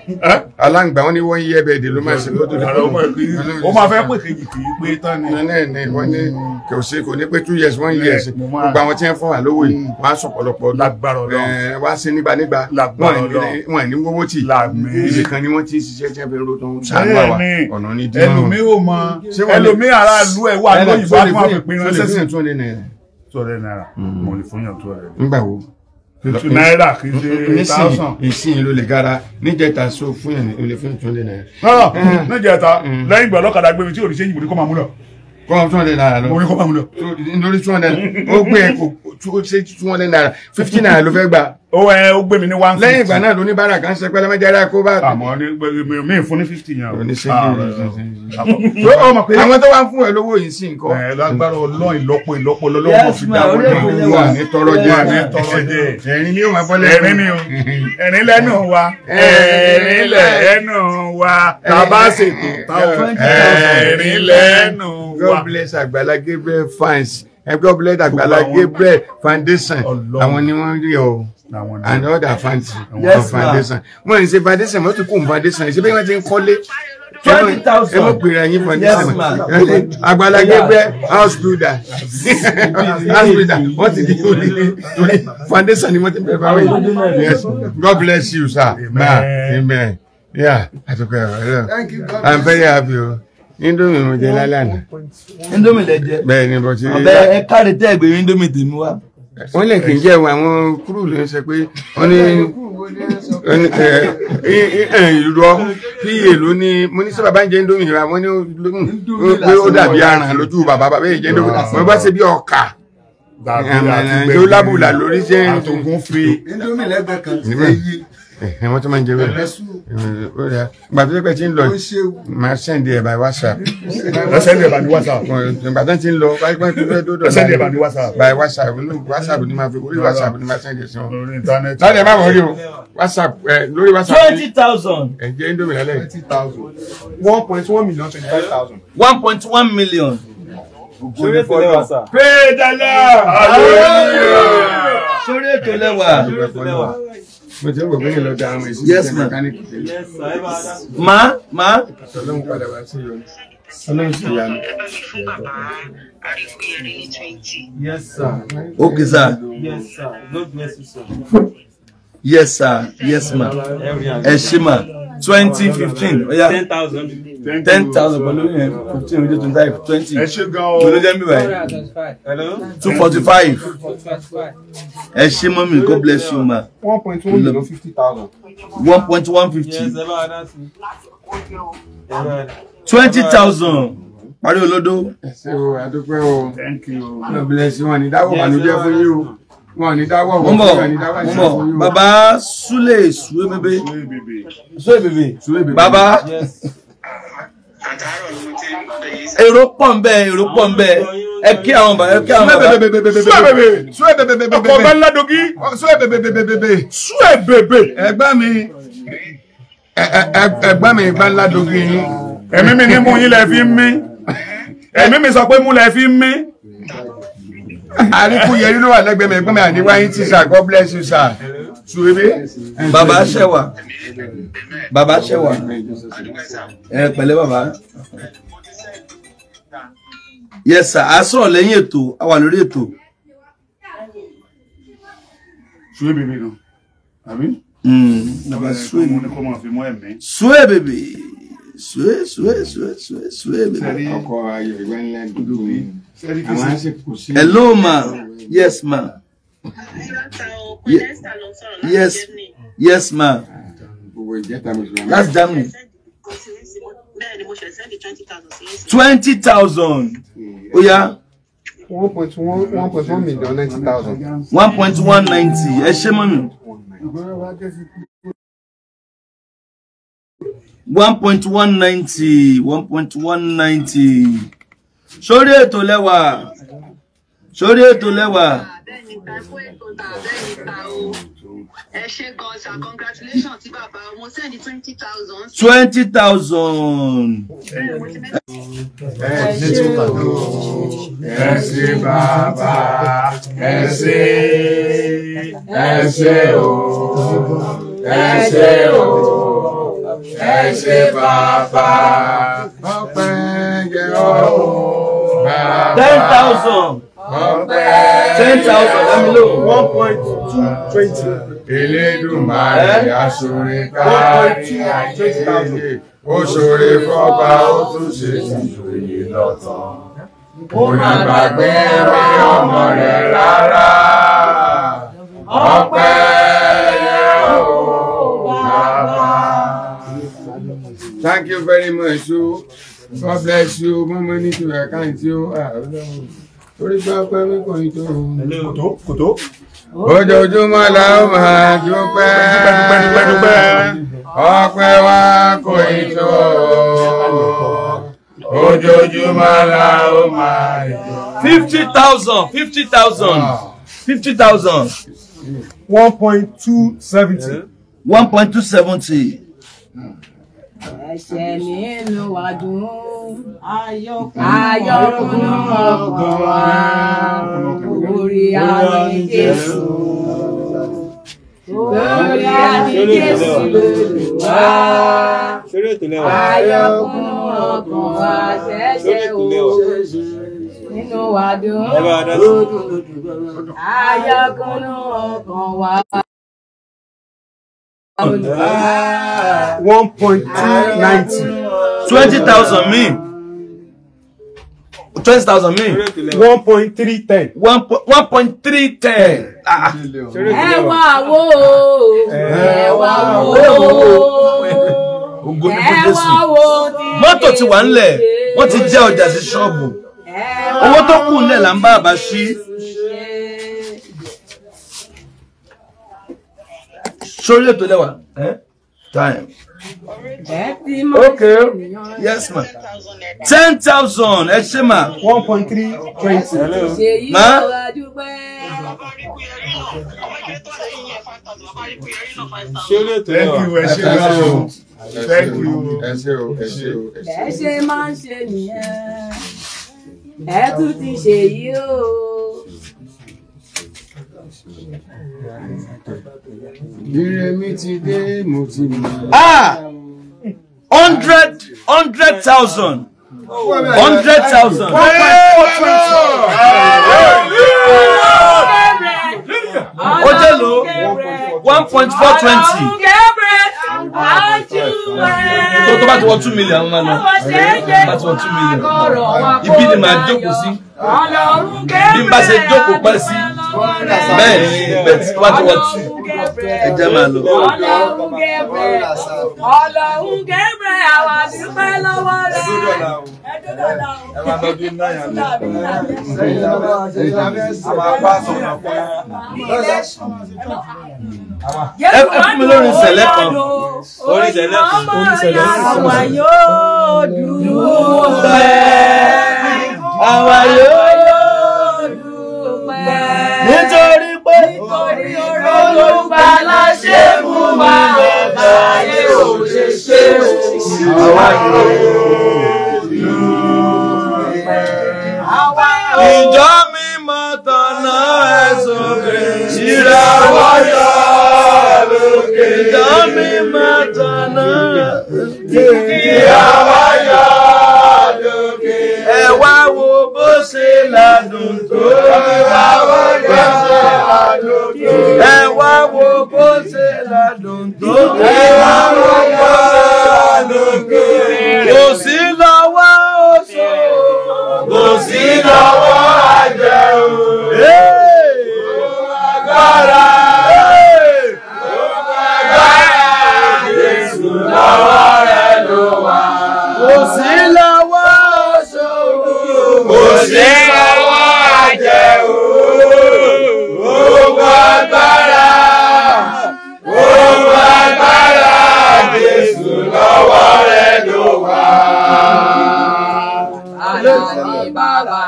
aláǹgbà wọn ni wọ́n yí ẹbẹ̀ èdè ló máa ṣe lọ́dún lọ́dún. ó máa fẹ́ pè kejì kì í pé tán ni. náà ní wọ́n ní kò sí kò ní pé two years one year gbogbo àwọn tí wọ́n fún wa lówó yìí mm. wọ́n á sọ̀pọ̀lọpọ̀ lágbára lọ wọ́n á ṣe nígbà nígbà wọ́n ní gbogbo tì ibì kan ni wọ́n ti ṣiṣẹ́ jẹ́ fẹ́ lótó ṣàánú àwà ọ̀nà ní dín ẹlòmí ò mọ ẹlòmí aráàlú ẹ̀ wà lóyìnbó àfihàn pé ránṣẹ́ sí two hundred naira. two hundred naira mm. mo lè fún yàn two hundred. nígbà wo twenty náírà kì í ṣe thousand. ìsìn ló lè gara níjẹta so fún yẹn o lè fún twenty náírà. Ah, eh. níjẹta mm. lẹ́yìn ìgbà ọlọ́kadà gbé mi tí òrìṣẹ́ yìnbọn kọ́ máa mú lọ kọ́ two hundred naira lọ. mo ní kọ́ bá mu lọ. lórí two hundred naira ó gbé ẹ e kó ṣe two hundred naira fifty naira ló fẹ́ gbà. ó ẹ ó gbé mi ní one fifty. lẹ́yìn ìgbà náà ló ní bára kan ṣe pẹ́lẹ́mẹ́ jáde kó bá. àmọ́ ní mi fún ní fifty yẹn o. ní sẹ́yìn tó ọmọ pé àwọn tó wá fún ẹ lówó yìí sí nǹkan. ẹ lágbára ọlọ́ ìlọ́po ìlọ́po lọ́lọ́wọ́ fi dà wọ́n wà ní tọrọ jẹ ní tọrọ jẹ ẹ̀rín ni ó máa bọ́ lẹ́nu ẹ̀rín ni ó ẹ̀rín lẹ́nu wa ẹ̀rín lẹ́nu wa tàbá ṣètò táwọn ẹ̀rín lẹ́nu wa. God bless Àgbàlá Gabriel Fines and God bless Àgbàlá Gabriel Foundation àwọn ni wọ́n rí ọ and other funds foundation wọ́n ń ṣe foundation wọ́n ti kún foundation ṣe bí wọ́n ti ń kọ́lé twenty thousand. ẹ mọ̀ pèrè ẹyin fún ẹni sẹ́wọ̀n Àgbàlá Gabriel house builder house builder wọ́n ti di orí foundation ni wọ́n ti bẹ̀rẹ̀ báwọ̀ yìí yes God bless you sir Amen. amen yeah I I'm very happy oh indomie mo jẹ lálẹ́ àná. indomie lẹ jẹ. bẹ́ẹ̀ ni bọtí. ọbẹ eh, ẹ káre tẹ ẹgbẹ indomie tèmi wá. wọ́n lè kì í jẹ àwọn kúrú ló ń sọ pé wọ́n ní eh, ìrọ eh, píye ló ní mo ní sábà bá ń jẹ indomie ra wọ́n ní pé ó dàbí aràn lójú bàbá bàbá yìí jẹ indomie wọ́n ah. bá ṣe bí ọkà tó lábùlà lórí jẹ. àtògùn fi indomie lẹ́gbẹ̀ẹ́ kan ṣe yí. Eh, ẹ wọ́n tún máa ń jẹ rẹ̀ ìgbà tó yẹ tí ń lọ máa sẹ́ndì ẹ̀ by whatsapp. sẹ́ndì ẹ̀ by whatsapp. ìgbà tó ń lọ báyìí pé pípẹ́ tó dọ̀ sẹ́ndì ẹ̀ by whatsapp. by whatsapp whatsapp ni máa fi orí whatsapp ni máa sẹ́ndì ẹ̀ sí wọn. láti ẹ̀ máa wọ̀ rí o whatsapp lórí whatsapp. twenty thousand. ẹ jẹ́ indomie lálẹ́. one point one million twenty five thousand. one point one million. sórí ètò lẹ́wà. pédálà. sórí ètò lẹ́wà mo ti rò lọ da àwọn èsì sí mẹkáníìkì tẹ́lẹ̀. má má. ọlọ́run padà wá sí yọrí ọlọ́run sì yà mí. yes sir. okay sir. yes sir. God bless you sir. yes sir yes ma ẹ ṣí ma twenty fifteen oya ten thousand Ten thousand. yẹn eh, fifteen ojú twenty five twenty pẹ̀lú jẹ́ mi báyìí two forty five ẹ ṣe mọ́mí God bless you ma one point one million fifty thousand one point one fifty twenty thousand parí olódó. ẹ ṣe o adúpẹ́ o God bless you wọn ni dáwọ́ wà ló jẹ́ fún yín o wọn ní dáwọ́ wọn ní dáwọ́ ìṣàkóso yóò. mo mọ baba sule suwebebe baba. èrò pọ̀ ń bẹ èrò pọ̀ ń bẹ ẹ kí àwọn bàbá ẹ kí àwọn bàbá. suwebebebebebe suwebebebebebe ọkọ bá ńládogi. suwebebebebebe suwebebe. ẹgbẹ́ mi ẹgbẹ́ mi bá ńládogi yín. ẹ̀mí mi ní mú yín lẹ́ fi ń mí ẹ̀mí mi sọ pé mú lẹ́ fi Aríkúyẹrí ló wà lẹ́gbẹ̀ẹ́ mi ẹ̀gbọ́n mi àní wáyé tí God bless you sà. Sùwébé. Bàbá Baba Bàbá ṣẹ̀wà. Ẹ pẹ̀lẹ́ bàbá. Yes sir, a sọ̀rọ̀ lẹ́yìn ètò, a wà lórí ètò. Sùwébé mi nù, àbí? Hmm. Bàbá Sùwébé. Sùwébé. Sùwé Sùwé Sùwé Sùwé Sùwé bèbè. Ọkọ̀ ìwé ńlá ìdúró ni hello ma'am. yes ma'am. yes yes, ma'am. that's Germany twenty thousand hmm. oya. one point one one point one million ninety thousand. one point one ninety ẹ ṣe one point one ninety one point one ninety sórí ètò lẹ́wà sórí ètò lẹ́wà. twenty thousand. ẹ ṣe bàbá ẹ ṣe bàbá ẹ ṣe ẹ ṣe o ẹ ṣe o ẹ ṣe bàbá ọpẹ́ yẹ ọ ten thousand ten thousand lámìlò one point two twenty. Elédùmarè aṣọre kárí ayé ó ṣoore ó tún ṣe ìjòyè lọ́tàn. Kò ní gbàgbé rí ọmọ rẹ̀ rárá. Ọpẹ́ yẹ ó bàbá. Thank you very much. Sue. God bless you. More money to your account. You are. Ah, Torí pé ọpẹ́ mi kò ní tó. Kòtó kòtó. Ojoojúmọ́ la ó máa dúpẹ́. Ọpẹ́ wa kò ní tó. Ojoojúmọ́ la ó máa dúpẹ́. Fifty thousand fifty thousand ah. fifty thousand. One point two seventy. One point two seventy ẹ̀ṣẹ̀ nílò àdùn ayọ̀kùnú ọkàn wa orí àmì Jésù orí àmì Jésù lòlùwà ayọ̀kùnú ọkàn wa ṣẹ̀ṣẹ̀ òṣèṣe nínú wa dùn ayọ̀kùnú ọkàn wa. Ah. one point two ninety. twenty thousand mean twenty thousand mean. one point three ten. one point one point three ten. Ah, ah. ẹ wá wo ẹ wá wo ẹ wá wo. mọ́tò ti wà ńlẹ̀ wọ́n ti já ọjà sí ṣọ́ọ̀bù owó tó kù ńlẹ̀ là ń bá àbá ṣí. sórí ètò Eh, time. Okay. yes ma ten thousand ẹ ṣe ma. one point three twenty. ma. sórí ètò lẹ́wà thank you ẹ ṣe thank you ẹ ṣe Ìrèmí ti dé, mo ti mọ̀. Ah! hundred hundred thousand hundred thousand. ó jẹ́ lo one point four twenty. tó tó bá ti wọ two million máa lọ bá ti wọ two million ibi ni màá jókòó sí bí n bá ṣe jókòó pẹ́ sí bẹ́ẹ̀ni bẹ́ẹ̀ni wájú wọtí ẹ jẹ máa lọ. Ọlọ́run gẹbẹ Ọlọ́run gẹbẹ àwa dúpẹ́ lọ́wọ́ rẹ ẹ dúdọ la o. ẹ máa lọ bí náà yàn lọ. a máa pa sọ̀rọ̀ fún ẹ. ẹ fún mi lórí ìṣẹ̀lẹ̀ kan orí ìṣẹ̀lẹ̀ kan orí ìṣẹ̀lẹ̀ kan. àwa yóò dúró ẹ àwa yóò. nítorí olùgbàlà ṣe fún wa bàbá ayé ò ṣe ṣe àwa ìlú ìjọ mímọ́ tọ̀nà ẹ̀sùn ìjìlá wáyà lókè ìjọ mímọ́ tọ̀nà ìjìlá. ládùn tó ìyàwó jẹ́ ṣe ládùn tó. Ẹ wá wo bó ṣe ládùn tó. Ẹ wá wo bó ṣe ládùn tó. Kò sí lọ́wọ́ oṣù. Kò sí lọ́wọ́ àjẹun. Ó agbára. bàbá.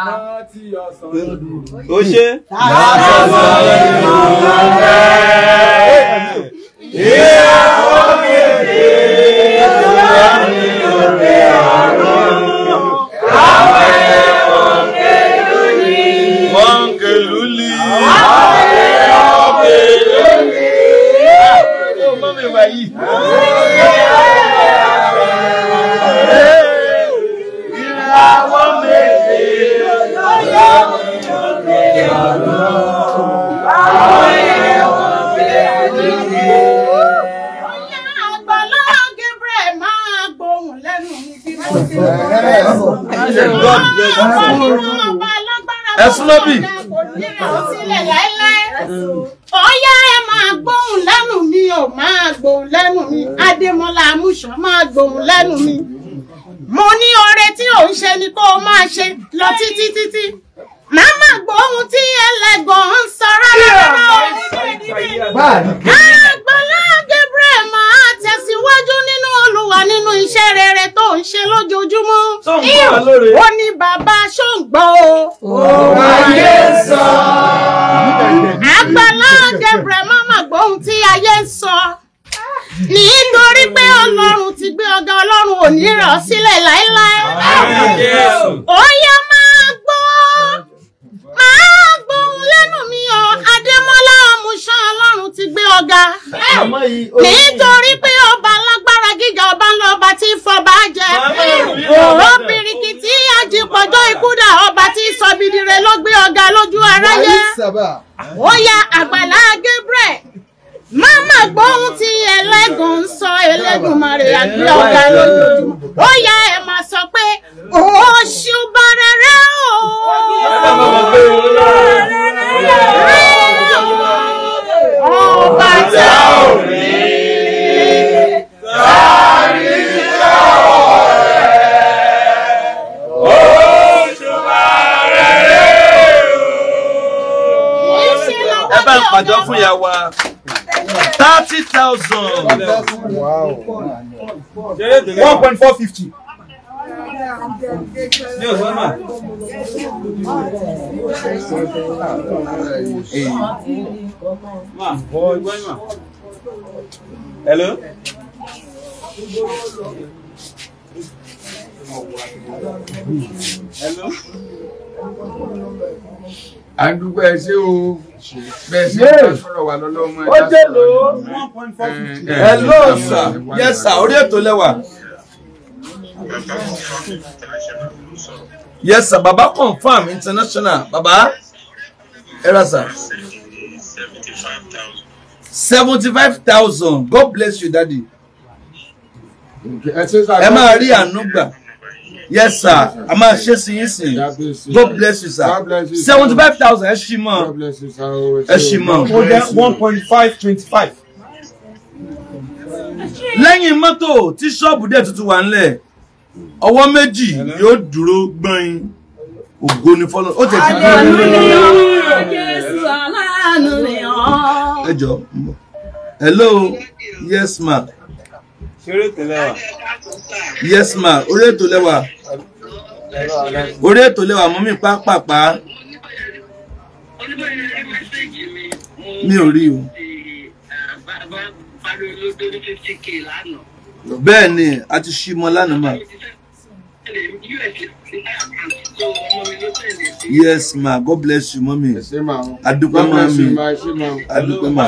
ó ṣe. lábẹ́ sọ ìlú rẹ̀. ìyá òkè dé ìyá mi òkè ẹ̀sùn lọ́bì. ọ̀yá ẹ máa gbóhùn lẹ́nu mi ò máa gbóhùn lẹ́nu mi adémọlá amúṣọ máa gbóhùn lẹ́nu mi mo ní oore tí ò ń ṣe ni kó o máa ṣe lọ títí títí màá má gbóhùn tí ẹlẹgbọn ń sọ rárá rárá o. àgbọ̀lá Gabriel máa tẹ̀síwájú ní olúwa nínú iṣẹ́ rere tó ń ṣe lójoojúmọ́. ó ní bàbá ṣóǹgbọ́ o. ó ayé sọ. àgbàlá Gabriel mama gbóhùn tí ayé ń sọ nítorí pé ọlọ́run ti gbé ọ̀gá ọlọ́run ò ní rọ̀ sílẹ̀ láéláé. ó yá máa gbọ́ máa gbóhùn lẹ́nu mi o adémọ́lá ọmúṣán ọlọ́run ti gbé ọ̀gá nítorí pé ọba ọba tí ń fọba jẹ òró birikiti ajipọjọ ikúdà ọba tí ń sọbidire ló gbé ọ̀gá lójú aráyé ó ya àgbàlá Gabriel máma gbọ́ ohun tí ẹlẹ́gùn ń sọ Ẹlẹ́dùmarè àgbé ọ̀gá lójú ó ya ẹ̀ máa sọ pé oṣù bàrẹ̀rẹ̀ o. ọba tí a ò rí. ẹ fún ìyá wa thirty thousand one point four fifty. Hello. Hello àdúgbò ẹ ṣé o bẹ́ẹ̀ ṣe ń bá sọ̀rọ̀ wà lọ́lọ́mọ ẹ dá sọ̀rọ̀ ní. ẹ lọ sà yẹ sà orí ètò lẹ́wà. yẹ sà bàbá confam international bàbá ẹ rà sà. seventy five thousand God bless you daddy. ẹ máa rí àánú gbà yes sir I'm a máa ṣe sí god bless you sir seventy five thousand ẹ ṣì mọ oh, ẹ ṣì mọ. ó jẹ́ one point five twenty five. lẹ́yìn mọ́tò tí ṣọ́ọ̀bù dẹ̀ tuntun wà ńlẹ̀ ọwọ́ méjì yóò dúró gbọ́n ògo ni fọlọ́ ó tẹ̀ sí i. àdàlú ni ó jésù aláàánú ni ó. ẹ jọ hello yes ma yes ma orí ètò lẹ́wà orí ètò lẹ́wà mú mi pápápá. mi ò rí o. bẹ́ẹ̀ ni a ti ṣí mọ lánàá mà. Yes ma, God bless you mommy. Adúpẹ́ mami. Adúpẹ́ ma.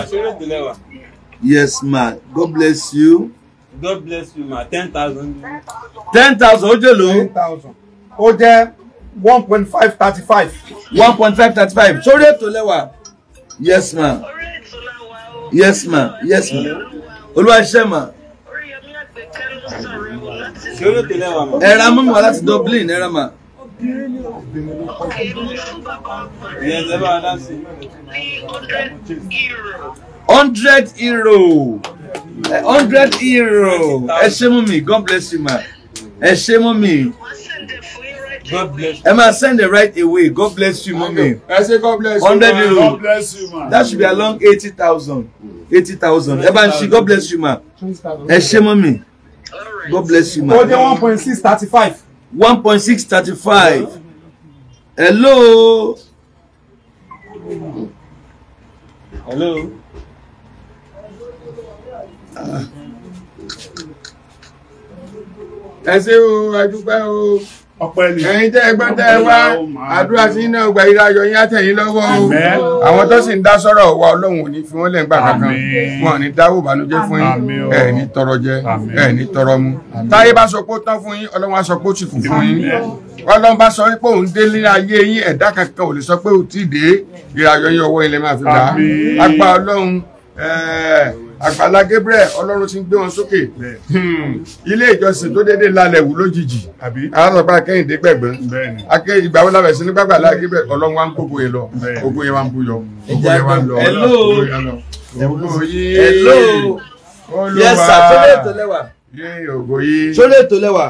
Yes ma, God bless you. God bless you ma ten thousand. ten thousand ó jẹ́ ló. ten thousand ó jẹ́ one point five thirty five. one point five thirty five sórí ètò lẹ́wà. yes ma yes ma yes ma olúwa ṣiṣẹ́ ma. sórí ètò lẹ́wà ma. ẹ̀rọ amúmọ̀ láti Dublin ẹ̀rọ ma. Okay, mo fún bàbá ọgbọ̀n rẹ̀ ní hundred euro hundred euro hundred euro ẹ ṣé mú mi god bless you ma ẹ ṣé mú mi. God bless you. send it right away. God bless you, mommy. I say God bless you. Hundred euro. God bless you, man. That should be along eighty thousand. Eighty thousand. Ebanshi, God bless you, ma. Ẹ ṣé, mommy. God bless you, ma. Ó jẹ́ one point six thirty five. one point six thirty five. Hello. Hello ẹ ṣé o adúpẹ́ o ẹ̀yin tẹ́ ẹ gbọ́ tẹ́ ẹ wá àdúrà sí iná ọgbà ìlà ayọ̀ yín àtẹ̀yìn lọ́wọ́ o àwọn tó sì ń dá sọ́rọ̀ wa ọlọ́run ò ní fi wọ́n lẹ̀ ń gbà kankan wọn ò ní dáwó ìbànújẹ́ fún yín ẹ̀ ní tọrọ jẹ ẹ̀ ní tọrọ mu táyé bá sọ pé ó tán fún yín ọlọ́run á sọ pé ó ti kún fún yín ọlọ́run bá sọ pé òun dé ní ayé yín ẹ̀dá kankan ò lè sọ pé ó ti dé ìlà ayọ̀ yín ọwọ́ ilẹ̀ máa fi gbà á àgbàlá Gabriel Ọlọ́run ti ń gbé wọn sókè hmm. ilé ìjọsìn tó déédéé lálẹ́ wù lójijì alásọ̀pá akẹ́yìndé gbẹ̀gbọ́n akẹ́ ìgbà wo sí nígbà àgbàlá Gabriel Ọlọ́run wa ń gbogbo yẹn lọ gbogbo yẹn wa ń buyọ gbogbo yẹn wa ń lọ gbogbo yẹn lọ gbogbo yẹn olùwà ògo yìí sólè tó lẹ́wà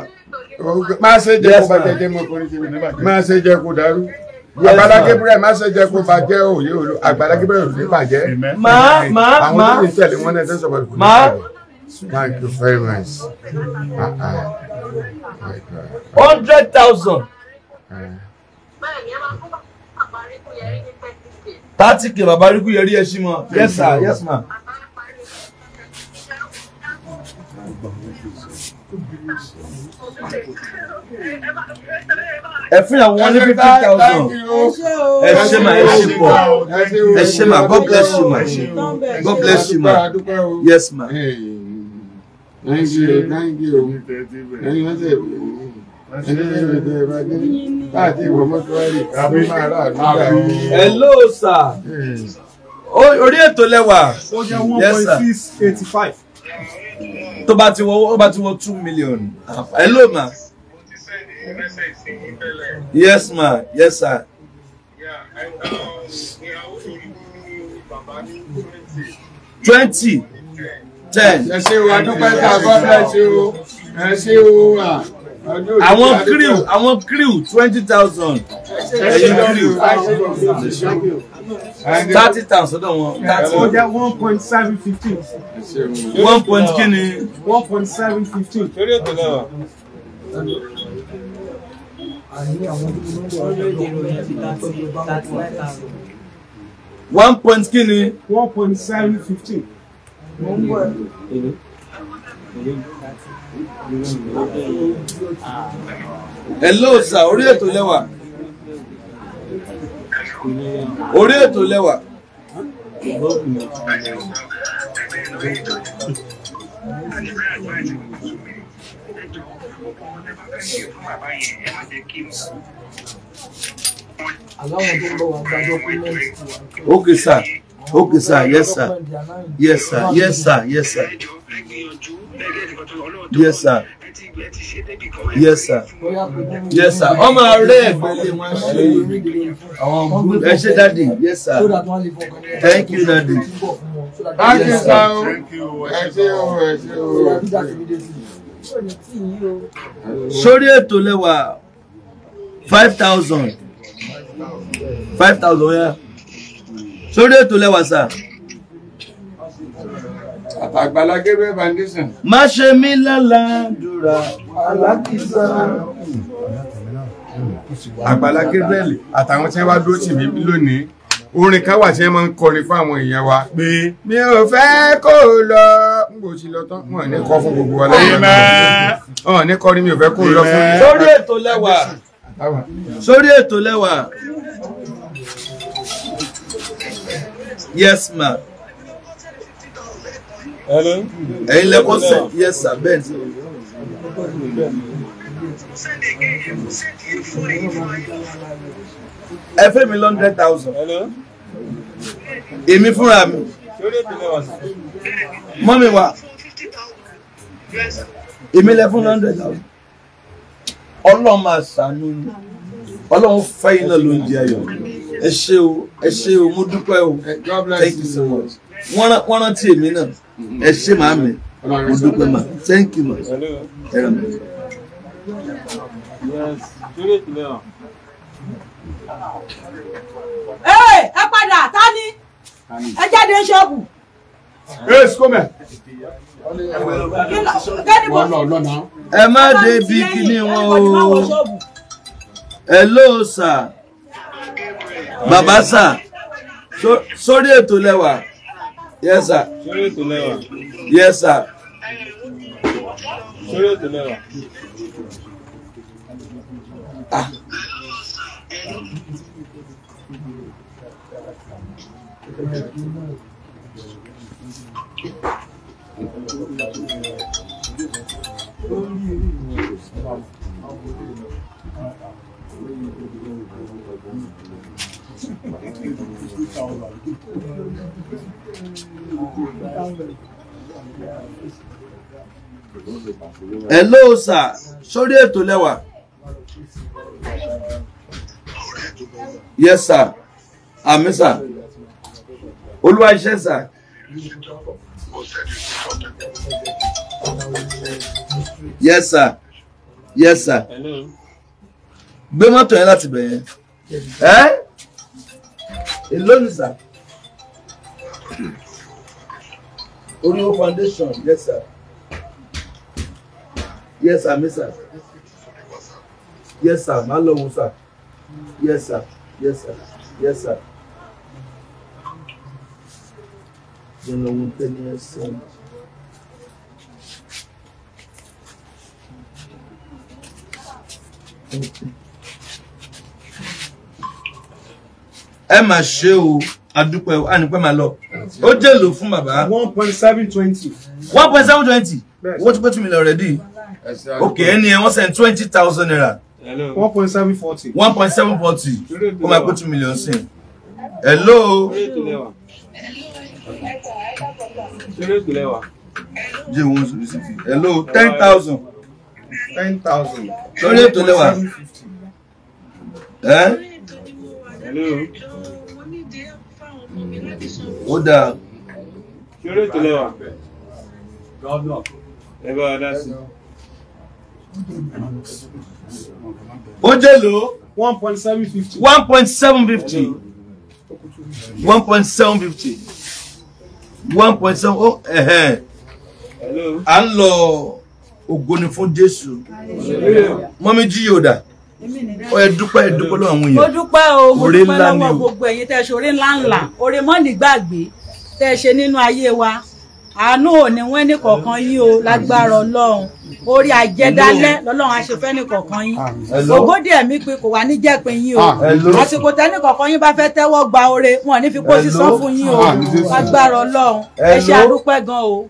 máa ṣe jẹ́ kó bàtẹ́ jẹ́ mọ́ kọ́ni jẹ́ mi máa ṣe jẹ́ kó dàrú àgbàlá Gabriel má ṣe jẹ́ kó bàjẹ́ òye olú àgbàlá Gabriel ò ní bàjẹ́ àwọn tó lè tẹ̀lé wọn náà tẹ̀sán ọ̀gbọ̀n kò Thank you very much. Hundred thousand. Thirty k bàbá rí ẹ sí mọ. Yes sir, yes ma. Thank you ẹ fún àwọn wọn ní fifty thousand ẹ ṣé ma ẹ ṣé pọ̀ ẹ ṣé ma god bless you ma god bless you ma yes ma. thank you thank you ẹni wọn ṣe ẹni wọn ṣe ẹ bá dé hello sir orí ètò lẹ́wà yes sir. eighty five. tó bá ti wọ tó bá ti wọ two million hello ma yes ma yes sir. Yeah, ten. ẹ ṣe wa dúpẹ́ tá a bọ́ bẹ́ẹ̀ ṣe o ẹ ṣe o à. àwọn crew àwọn crew twenty thousand ẹyin crew thirty thousand ọ̀dọ̀ want. thirty. ó jẹ́ one point seven fifteen. one point kí one point seven fifteen one point kí one point seven fifteen. hello sir orí ètò lẹ́wà orí ètò lẹ́wà. Thank you okay sir okay sir yes sir yes sir yes sir yes sir yes sir yes sir yes sir ọmọ rẹ ẹgbẹlẹ wọn ṣe àwọn good ẹ ṣe dadi yes sir thank you dadi thank you sir ẹ ṣe o ẹ ṣe o sórí ètò lẹ́wà five thousand five thousand yẹn sórí ètò lẹ́wà sà. Àtàgbàlá Gabriel Foundation. Má ṣe mí lálàdúrà alákìsà. Àgbàlá Gabriel àtàwọn tí wọ́n dúró tì mí lónìí orin kan wà tí wọ́n máa ń kọrin fún àwọn èèyàn wa pé mi ò fẹ́ kó lọ n kò sí lọ tán wọn ní kọ fún gbogbo wa lọ́wọ́ wọn ò ní kọrin mi ò fẹ́ kó lọ fún mi. sórí ètò lẹ́wà sórí ètò lẹ́wà yes ma. ẹ̀yin lẹ́kọ̀ọ́ sẹ̀ yes sir bẹ́ẹ̀ ni sẹ́ni ẹ fẹ́ mi lọ́ndẹ̀ thousand èmi fúnra mi mọ́mi wa èmi lẹ fún lọ́ndẹ̀ thousand ọlọ́run máa ṣàánú ọlọ́run fẹ́ iná ló ń jẹ ayọ̀ ẹ ṣé o ẹ ṣé o mo dúpẹ́ o eh, thank you so much wọ́n rántí èmi náà ẹ ṣé màámi mo dúpẹ́ ma thank you ma ẹ ràn mí. Yes, do it now ẹ padà tani ẹ jáde ṣọ́ọ̀bù. ẹ sikome. ẹ má dé bí kíní wọn o ẹ ló sà bàbá sà sórí ètò lẹ́wà yes sà sórí ètò lẹ́wà yes sir. sà sórí ètò Ah. hello sir sórí ètò lẹ́wà yes sir àmì ah, sir olúwa ṣe yes sir yes sir gbé mọ́tò yẹn láti bẹ̀ yẹn ẹ́ sà oríwó foundation yes sir yes sir mi sir yes sir má lọ wo sir yes sir yes sir yes sir. Yẹn lọ wo tẹ́lẹ̀ ẹ mà ṣe o adúpẹ́ o ànípẹ́ máa lọ ó jèlò fún bàbá. one point seven twenty. one point seven twenty owó ti pé two million already ok ẹni ẹ wọ́n send twenty thousand naira. one point seven forty. one point seven forty ó máa pé two million sí i. hello. hello jẹ́ one zero six fifty hello ten thousand ten thousand lórí ètò lẹ́wà. ó dáa. sírètò ètò lẹ́wà. ẹ bá wa dá sí. ó jẹ́ lò one point seven fifty. one point seven fifty. one point seven fifty one point seven oh ẹ̀hẹ́n à ń lọ ògo ni fún Jésù mọ́mí jí yóò dà ó ẹ dúpẹ́ ẹ dúpẹ́ àwọn èèyàn. mo dúpẹ́ o mo dúpẹ́ lọ́wọ́ gbogbo ẹ̀yin tẹ́ ẹ ṣe oore ńlá ńlá oore mọ́nì gbàgbé tẹ́ ẹ ṣe nínú ayé wa àánú òní wọn ní kọ̀ọ̀kan yín o lágbára ọlọ́run orí ajẹ́dálẹ́ lọ́lọ́run aṣefẹ́ ní kọ̀ọ̀kan yín ògbódì ah, ẹ̀mí pé kò wá ní jẹ́pin yín o ah, àsìkò tẹ́ ní kọ̀ọ̀kan yín bá fẹ́ tẹ́wọ́ gba oore wọn ní fi kó sísán fún yín o ah, lágbára ọlọ́run ẹ ṣe àdúpẹ́ gan o.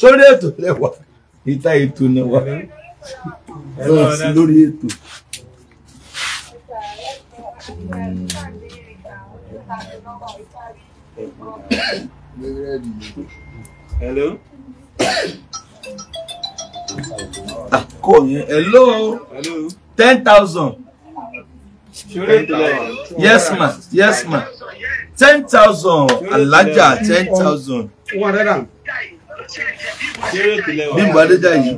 sórí ètò lẹwà ìta ètò lẹwà lórí ètò. Hmm. Thank you hello. Ah, kò yẹn hello. hello. ten thousand. yes ma yes ma ten thousand alaja ten thousand. bímbọ adédáyé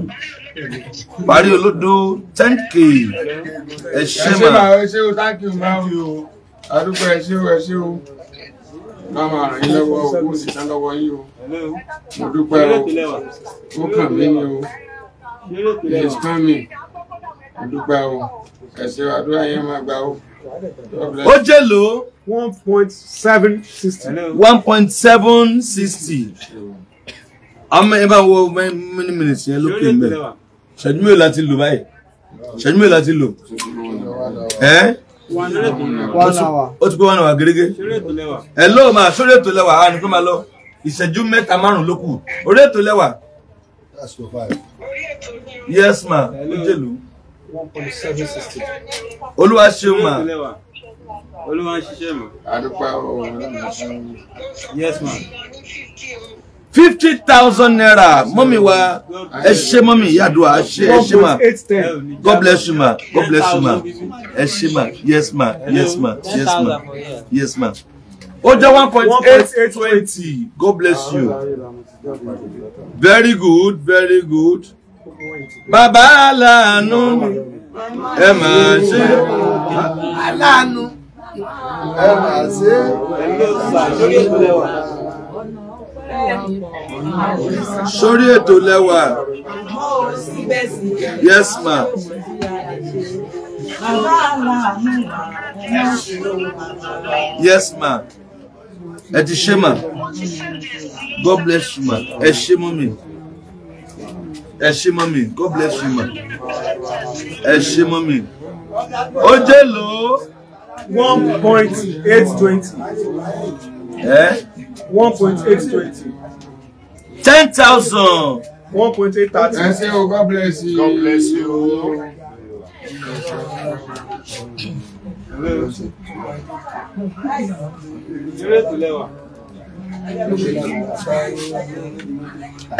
parí olódó ten k ẹ ṣe ma. ẹ ṣe o thank you ma o adúgbò ẹ ṣe o ẹ ṣe o ká máa yín lọ́wọ́ owó sì tán lọ́wọ́ yín o mo dúpẹ́ o ó kàn mí ni o it is coming mo dúpẹ́ o ẹ̀sìn àdúrà yẹn máa gbà o. ó jẹ́ lò one point seven sixty. one point seven sixty. àmọ́ ẹ bá wọ many minutes yẹn lókè mẹ́rin ṣẹ́jú mélòó la ti lò báyìí ṣẹ́jú mélòó la One hour. ó ti pé one hour gẹ́gẹ́ hello ma sórí ètò lẹ́wà a nìkan máa lọ ìṣẹ́jú mẹ́ta márùn-ún ló kù orí ètò lẹ́wà. yes ma ojèlú. olúwa ṣeun ma. olúwa ń ṣiṣẹ́ mọ́. àdúpẹ́ ọ̀hún ọ̀hún yes ma fifty thousand naira mọ́mí wa ẹ ṣe mọ́mí yàdùà ṣe ẹ ṣe ma god bless you ma god bless you ma ẹ ṣe ma yes ma yes ma yes ma yes ma. Yes, ma ó jẹ́ one point eight twenty God bless ah, you very good very good bàbá aláàánú ẹ máa ṣe aláàánú ẹ máa ṣe sórí ètò lẹ́wà yes ma. Yes, ma ẹ ti ṣe god bless you ma ẹ ṣe mọ́ mi god bless you ma ẹ ṣe mọ́ mi ó jẹ́ lò ó. one point eight twenty. ẹ. one point eight twenty. ten thousand. one point eight thirty. ẹ ṣe god bless you. god bless you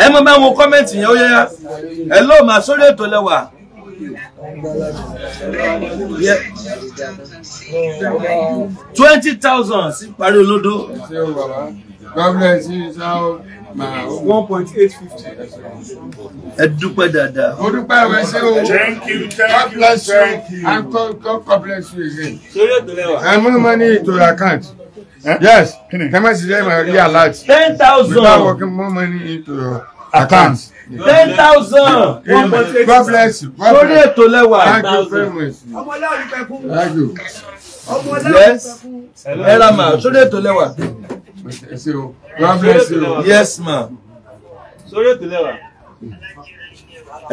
ẹ mọ bá wọn kọ́mẹ̀ntì yẹn ó yẹ ẹ lọ́ọ́ máa sórí ètò lẹ́wà. twenty thousand sí parí olódó one point eight fifty. ẹ dúpẹ́ dáadáa. ẹ ṣé o. thank you God bless you and God God bless you again. sórí ètò lẹ́wà. ẹ múnú mọ́ ní ètò account. yes kẹ́mẹ́sì jẹ́ ìmọ̀ rí alert. ten thousand. without working more money into your account. ten thousand. one point eight. God bless you. sórí ètò thank you very much. ọmọ láàrin pẹ̀kú. thank you. ọmọ láàrin pẹ̀kú. yes ẹ màá sórí ètò ẹ ṣé o God bless you. yes ma. sórí ètò lẹ́wà.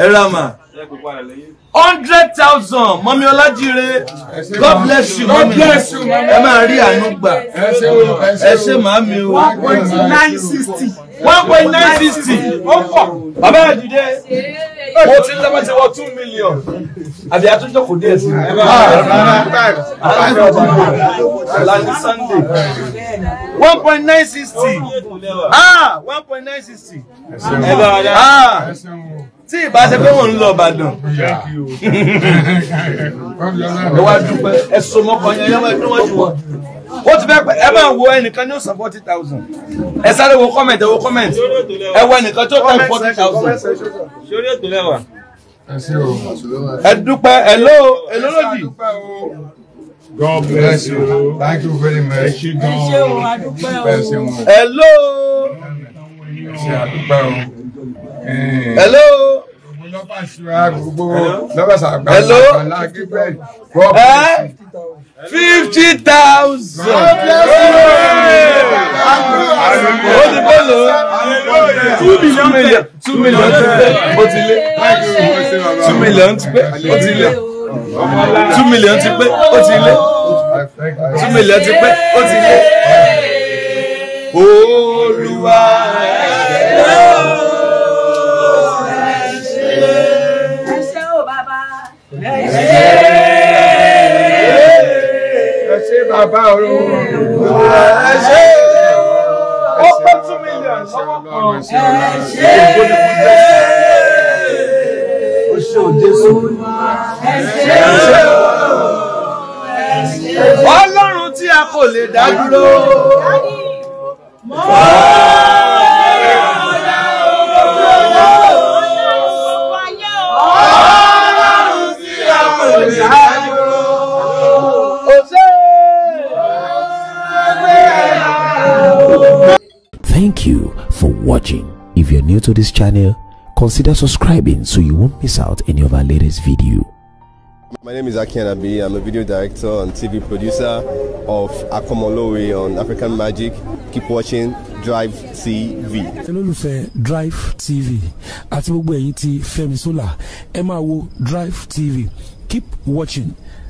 ẹ ra ma. ẹ kò padà lẹ́yìn hundred thousand mọ́mí ọlájíire god bless you mọ́mí ẹ máa rí àánú gbà ẹ ṣe màá o one point nine sixty one point nine sixty ó pọ̀ bàbá ẹ̀ dìde mo ti ń lọ́mọ́ ti wọ two million àbí àtúntò kò díẹ̀ sí i lani sunday one point nine sixty ah one point nine sixty ẹ bá wa dá tí ìbá ṣe pé wọ́n ń lọ Ìbàdàn ẹ wá dúpẹ́ ẹ so mọ́kàn yẹn yẹn wá dúró wọ́n ju wọn ó ti fẹ́ pẹ́ ẹ máa wo ẹnìkan ní ọ̀sán forty thousand ẹ sáré wo comment ẹ wo comment ẹ wo ẹnìkan tó tẹ̀ forty thousand. sórí ètò lẹ́wà. ẹ dúpẹ́ ẹ ló ẹ ló lòdì. God bless you. Thank you very much. Ẹ ṣé Hello. Hello. Hello. fifty thousand. ó ti bọ́ lọ two million two million ti pẹ́ ti lé two million ti pẹ́ ó ti lé two million ti pẹ́ ó ti lé two million ti pẹ́ ó ti lé. Olúwa ẹ̀rọ. bàbá o. ẹ ṣé ó pẹ́ tún mi yà lọ́wọ́ kan. ẹ ṣé ó ṣe ò Jésù. ẹ ṣé ó. ọlọ́run tí a kò lè dá dúró. mọ́. watching. If you're new to this channel, consider subscribing so you won't miss out any of our latest video. My name is Akian Abi. I'm a video director and TV producer of Akomolowe on African Magic. Keep watching Drive TV. olólùfẹ́ Drive TV àti gbogbo ẹ̀yin Fẹ́mi Sola Emma wo Drive TV. Keep watching.